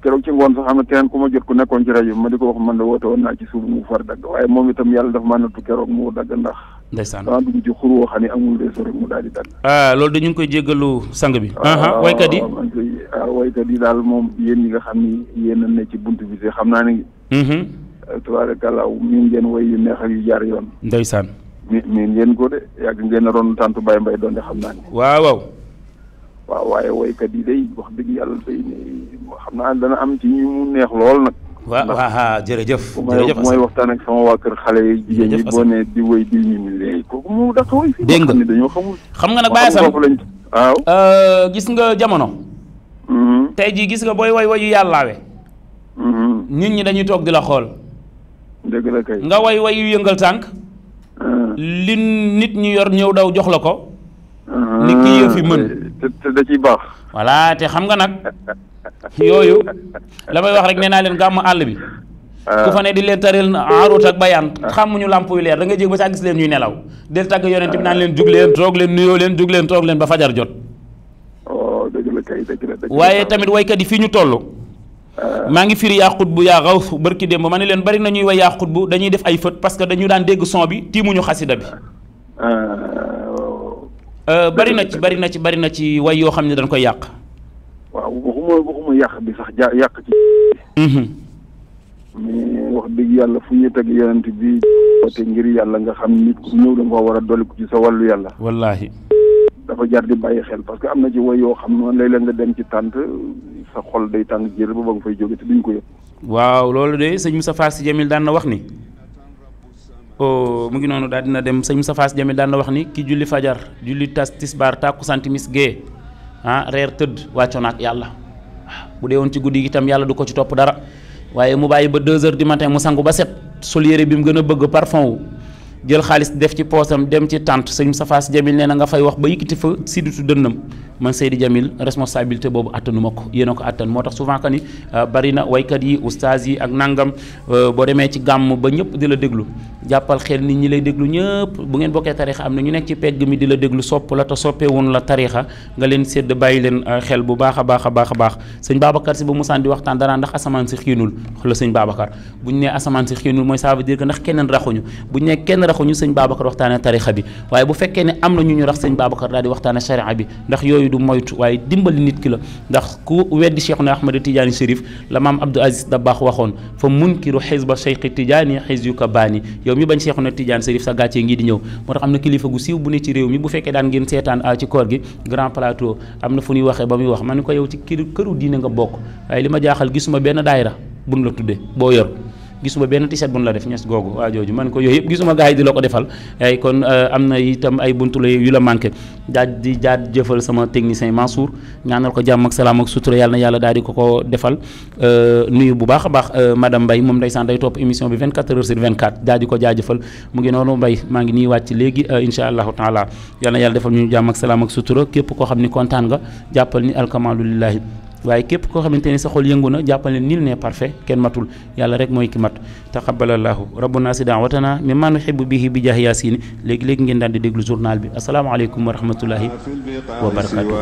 Speaker 15: keroog ci ngoon sax xam ne keneen ku ma jot ku nekkoon ci rajo ma di ko wax man de woote woon naa ci suuf mu far dagg waaye moom itam yàlla dafa maa nattu keroog mu dagg ndax. ndeysaan dama dugg ci xur woo xam ne amul de rek mu daal di dagg.
Speaker 1: Ah, loolu dañu ngi koy jéggalu sang bi. Ah, waaw waykat yi
Speaker 15: waaw waykat yi daal moom yéen yi nga xam ni yéen a ne ci bunt bi see xam naa ne. tubaarikàlla miin ngeen woy yu neex yu jaar yoon. ndeysaan. miin ngeen ko de yàgg ngeen a ron tàntu Baye mbay doon de xam naa ne. waaw waaw. waaw woykat yi day wax dëgg yàlla day xam naa dana am ci ñu mu neex lool nag. waaw waaw jërëjëf. jërëjëf bu may waxtaan ak sama waa kër xale yi. jigéen ñi boo nee di woy di ñu eh, mu léegi kooku moom dafa woy fii. dégg nga dañoo xamul. xam nga nag Baye Sam waaw. Euh,
Speaker 1: gis nga jamono. Mm-hmm. tey ji gis nga booy woy woyu yàllaawe. Mm-hmm. nit ñi dañuy toog di la xool. dëgg nga way way yu yëngal tànk. Ah. li nit ñu yor ñëw daw jox la ko.
Speaker 15: Ah, ni kii yëf yi mën.
Speaker 1: te da ciy baax. voilà te xam nga nag yooyu la may wax rek nee naa leen gàmmu àll bi. Ah. ku fa ne di leen taril aarut ak bayaan xamuñu làmp yu leer da nga jég ba saa gis leen ñuy nelaw del tàgg yonent bi naa leen jug leen toog leen nuyoo leen jug leen toog leen ba fajar jot. Oh, waaye tamit waykat yi fii ñu toll. maa ngi firi yaa xutbu yaa xawf barki démb ma ne leen bari nañuy way yaa xutbu dañuy def ay fët parce que dañu daan dégg son bi tiimuñu xasida bi ah, euh, bari na ci bari na ci bari na ci way yoo xam ne dañ koy yàq
Speaker 15: waaw waxuma waxuma yàq bi sax ja yàq ci mhm. mais wax dëgg yàlla fu ñuy bi te ngir yàlla nga xam nit ku ñëw da war a dolli ko ci sa wàllu yàlla wallaahi dafa jar di bàyyi xel parce que am na ci woy yoo xam ne léeg-léeg nga dem ci tànt sa xol day tàng jër ba ba nga fay jóge te duñ ko yëg.
Speaker 1: waaw loolu de sëñ Moussa Fass Jamil daan na wax ni oh, mu ngi noonu daal dina dem sëñ Moussa Fass Jamil daan na wax ni ki julli fajar julli tas tisbaar tàkku santimis gue ah reer tëdd wàccoon ak yàlla bu dee woon ci guddi gi itam yàlla du ko ci topp dara waaye mu bàyyi ba 2 heures du matin mu sangu ba set sol yére bi mu gën a bëgg parfum wu jël xaalis def ci posam dem ci tante serigne safa Jamil neena nga fay wax ba yikiti fa sidutu deunam man Seydi Jamil responsabilité bobu attanuma ko yéen a ko attan moo souvent kan ni euh, bari na kat yi oustaz yi ak nangam euh, bo demé ci gam ba ñepp dila deglu jappal xel nit ñi lay deglu ñepp bu ngeen bokké tarixa amna ñu nekk ci pegg mi dila deglu sop la ta te soppeewun la tarixa nga leen sedd bayi leen euh, xel bu baaxa baaxa baaxa baax serigne babakar ci bu musaan di waxtaan dara ndax asaman ci xinul xol serigne babakar buñ né asaman ci xinul moy ça veut dire que ndax kenen raxuñu buñ né kenen raxuñu sëñ Babacar waxtaane tarixa bi waaye bu fekkee ne am na ñu ñu rax sëñ Babacar daal di waxtaane sharia bi ndax yooyu du moytu waaye dimbali nit ki la ndax ku weddi Cheikhuna Ahmad Tidiane Chérif la maam Abdou Aziz Dabakh waxoon fa munkiru xisba Cheikh Tidiane xis yu ko baani yow mi bañ Cheikhuna Tidiane Chérif sa gàccee ngi di ñëw moo tax am na kilifa gu siiw bu ne ci réew mi bu fekkee daan ngeen seetaan ah, ci koor gi grand plateau am na fu ñuy waxee ba muy wax man ni ko yow ci këru diine nga bokk waaye li ma jaaxal gisuma benn daayira buñ la tudde boo yor gisuma benn tiset bun la def ñes googu waa jooju man ko yooyu yëpp gisuma gars yi di la ko defal kon eh, am na itam ay buntu la yu la manqué daal di daal jëfal sama technicien Mansour ñaanal ko jàmm salaam ak sutura yàlla yàlla daal di ko ko defal eh, nuyu bu baax a baax eh, madame Mbaye moom ndeysaan day topp émission bi 24 heures sur 24 daal di ko jaajëfal mu ngi noonu Mbaye maa ngi nii wàcc léegi incha allahu taala yàlla yàlla defal ñu jàmm ak salaam ak sutura képp koo xam ni kontaan nga jàppal ni alkamalulillahi waaye képp koo xamante ni sa xol yëngu na jàppale nil ne parfait kenn matul yàlla rek mooy ki mat taqabbalallahu rabbuna si daan watana mi maa nuhibbu bihi bi jaahi yaasini léegi léegi ngeen daan di déglu journal bi asalaamaaleykum wa rahmatullahi wa barakaatu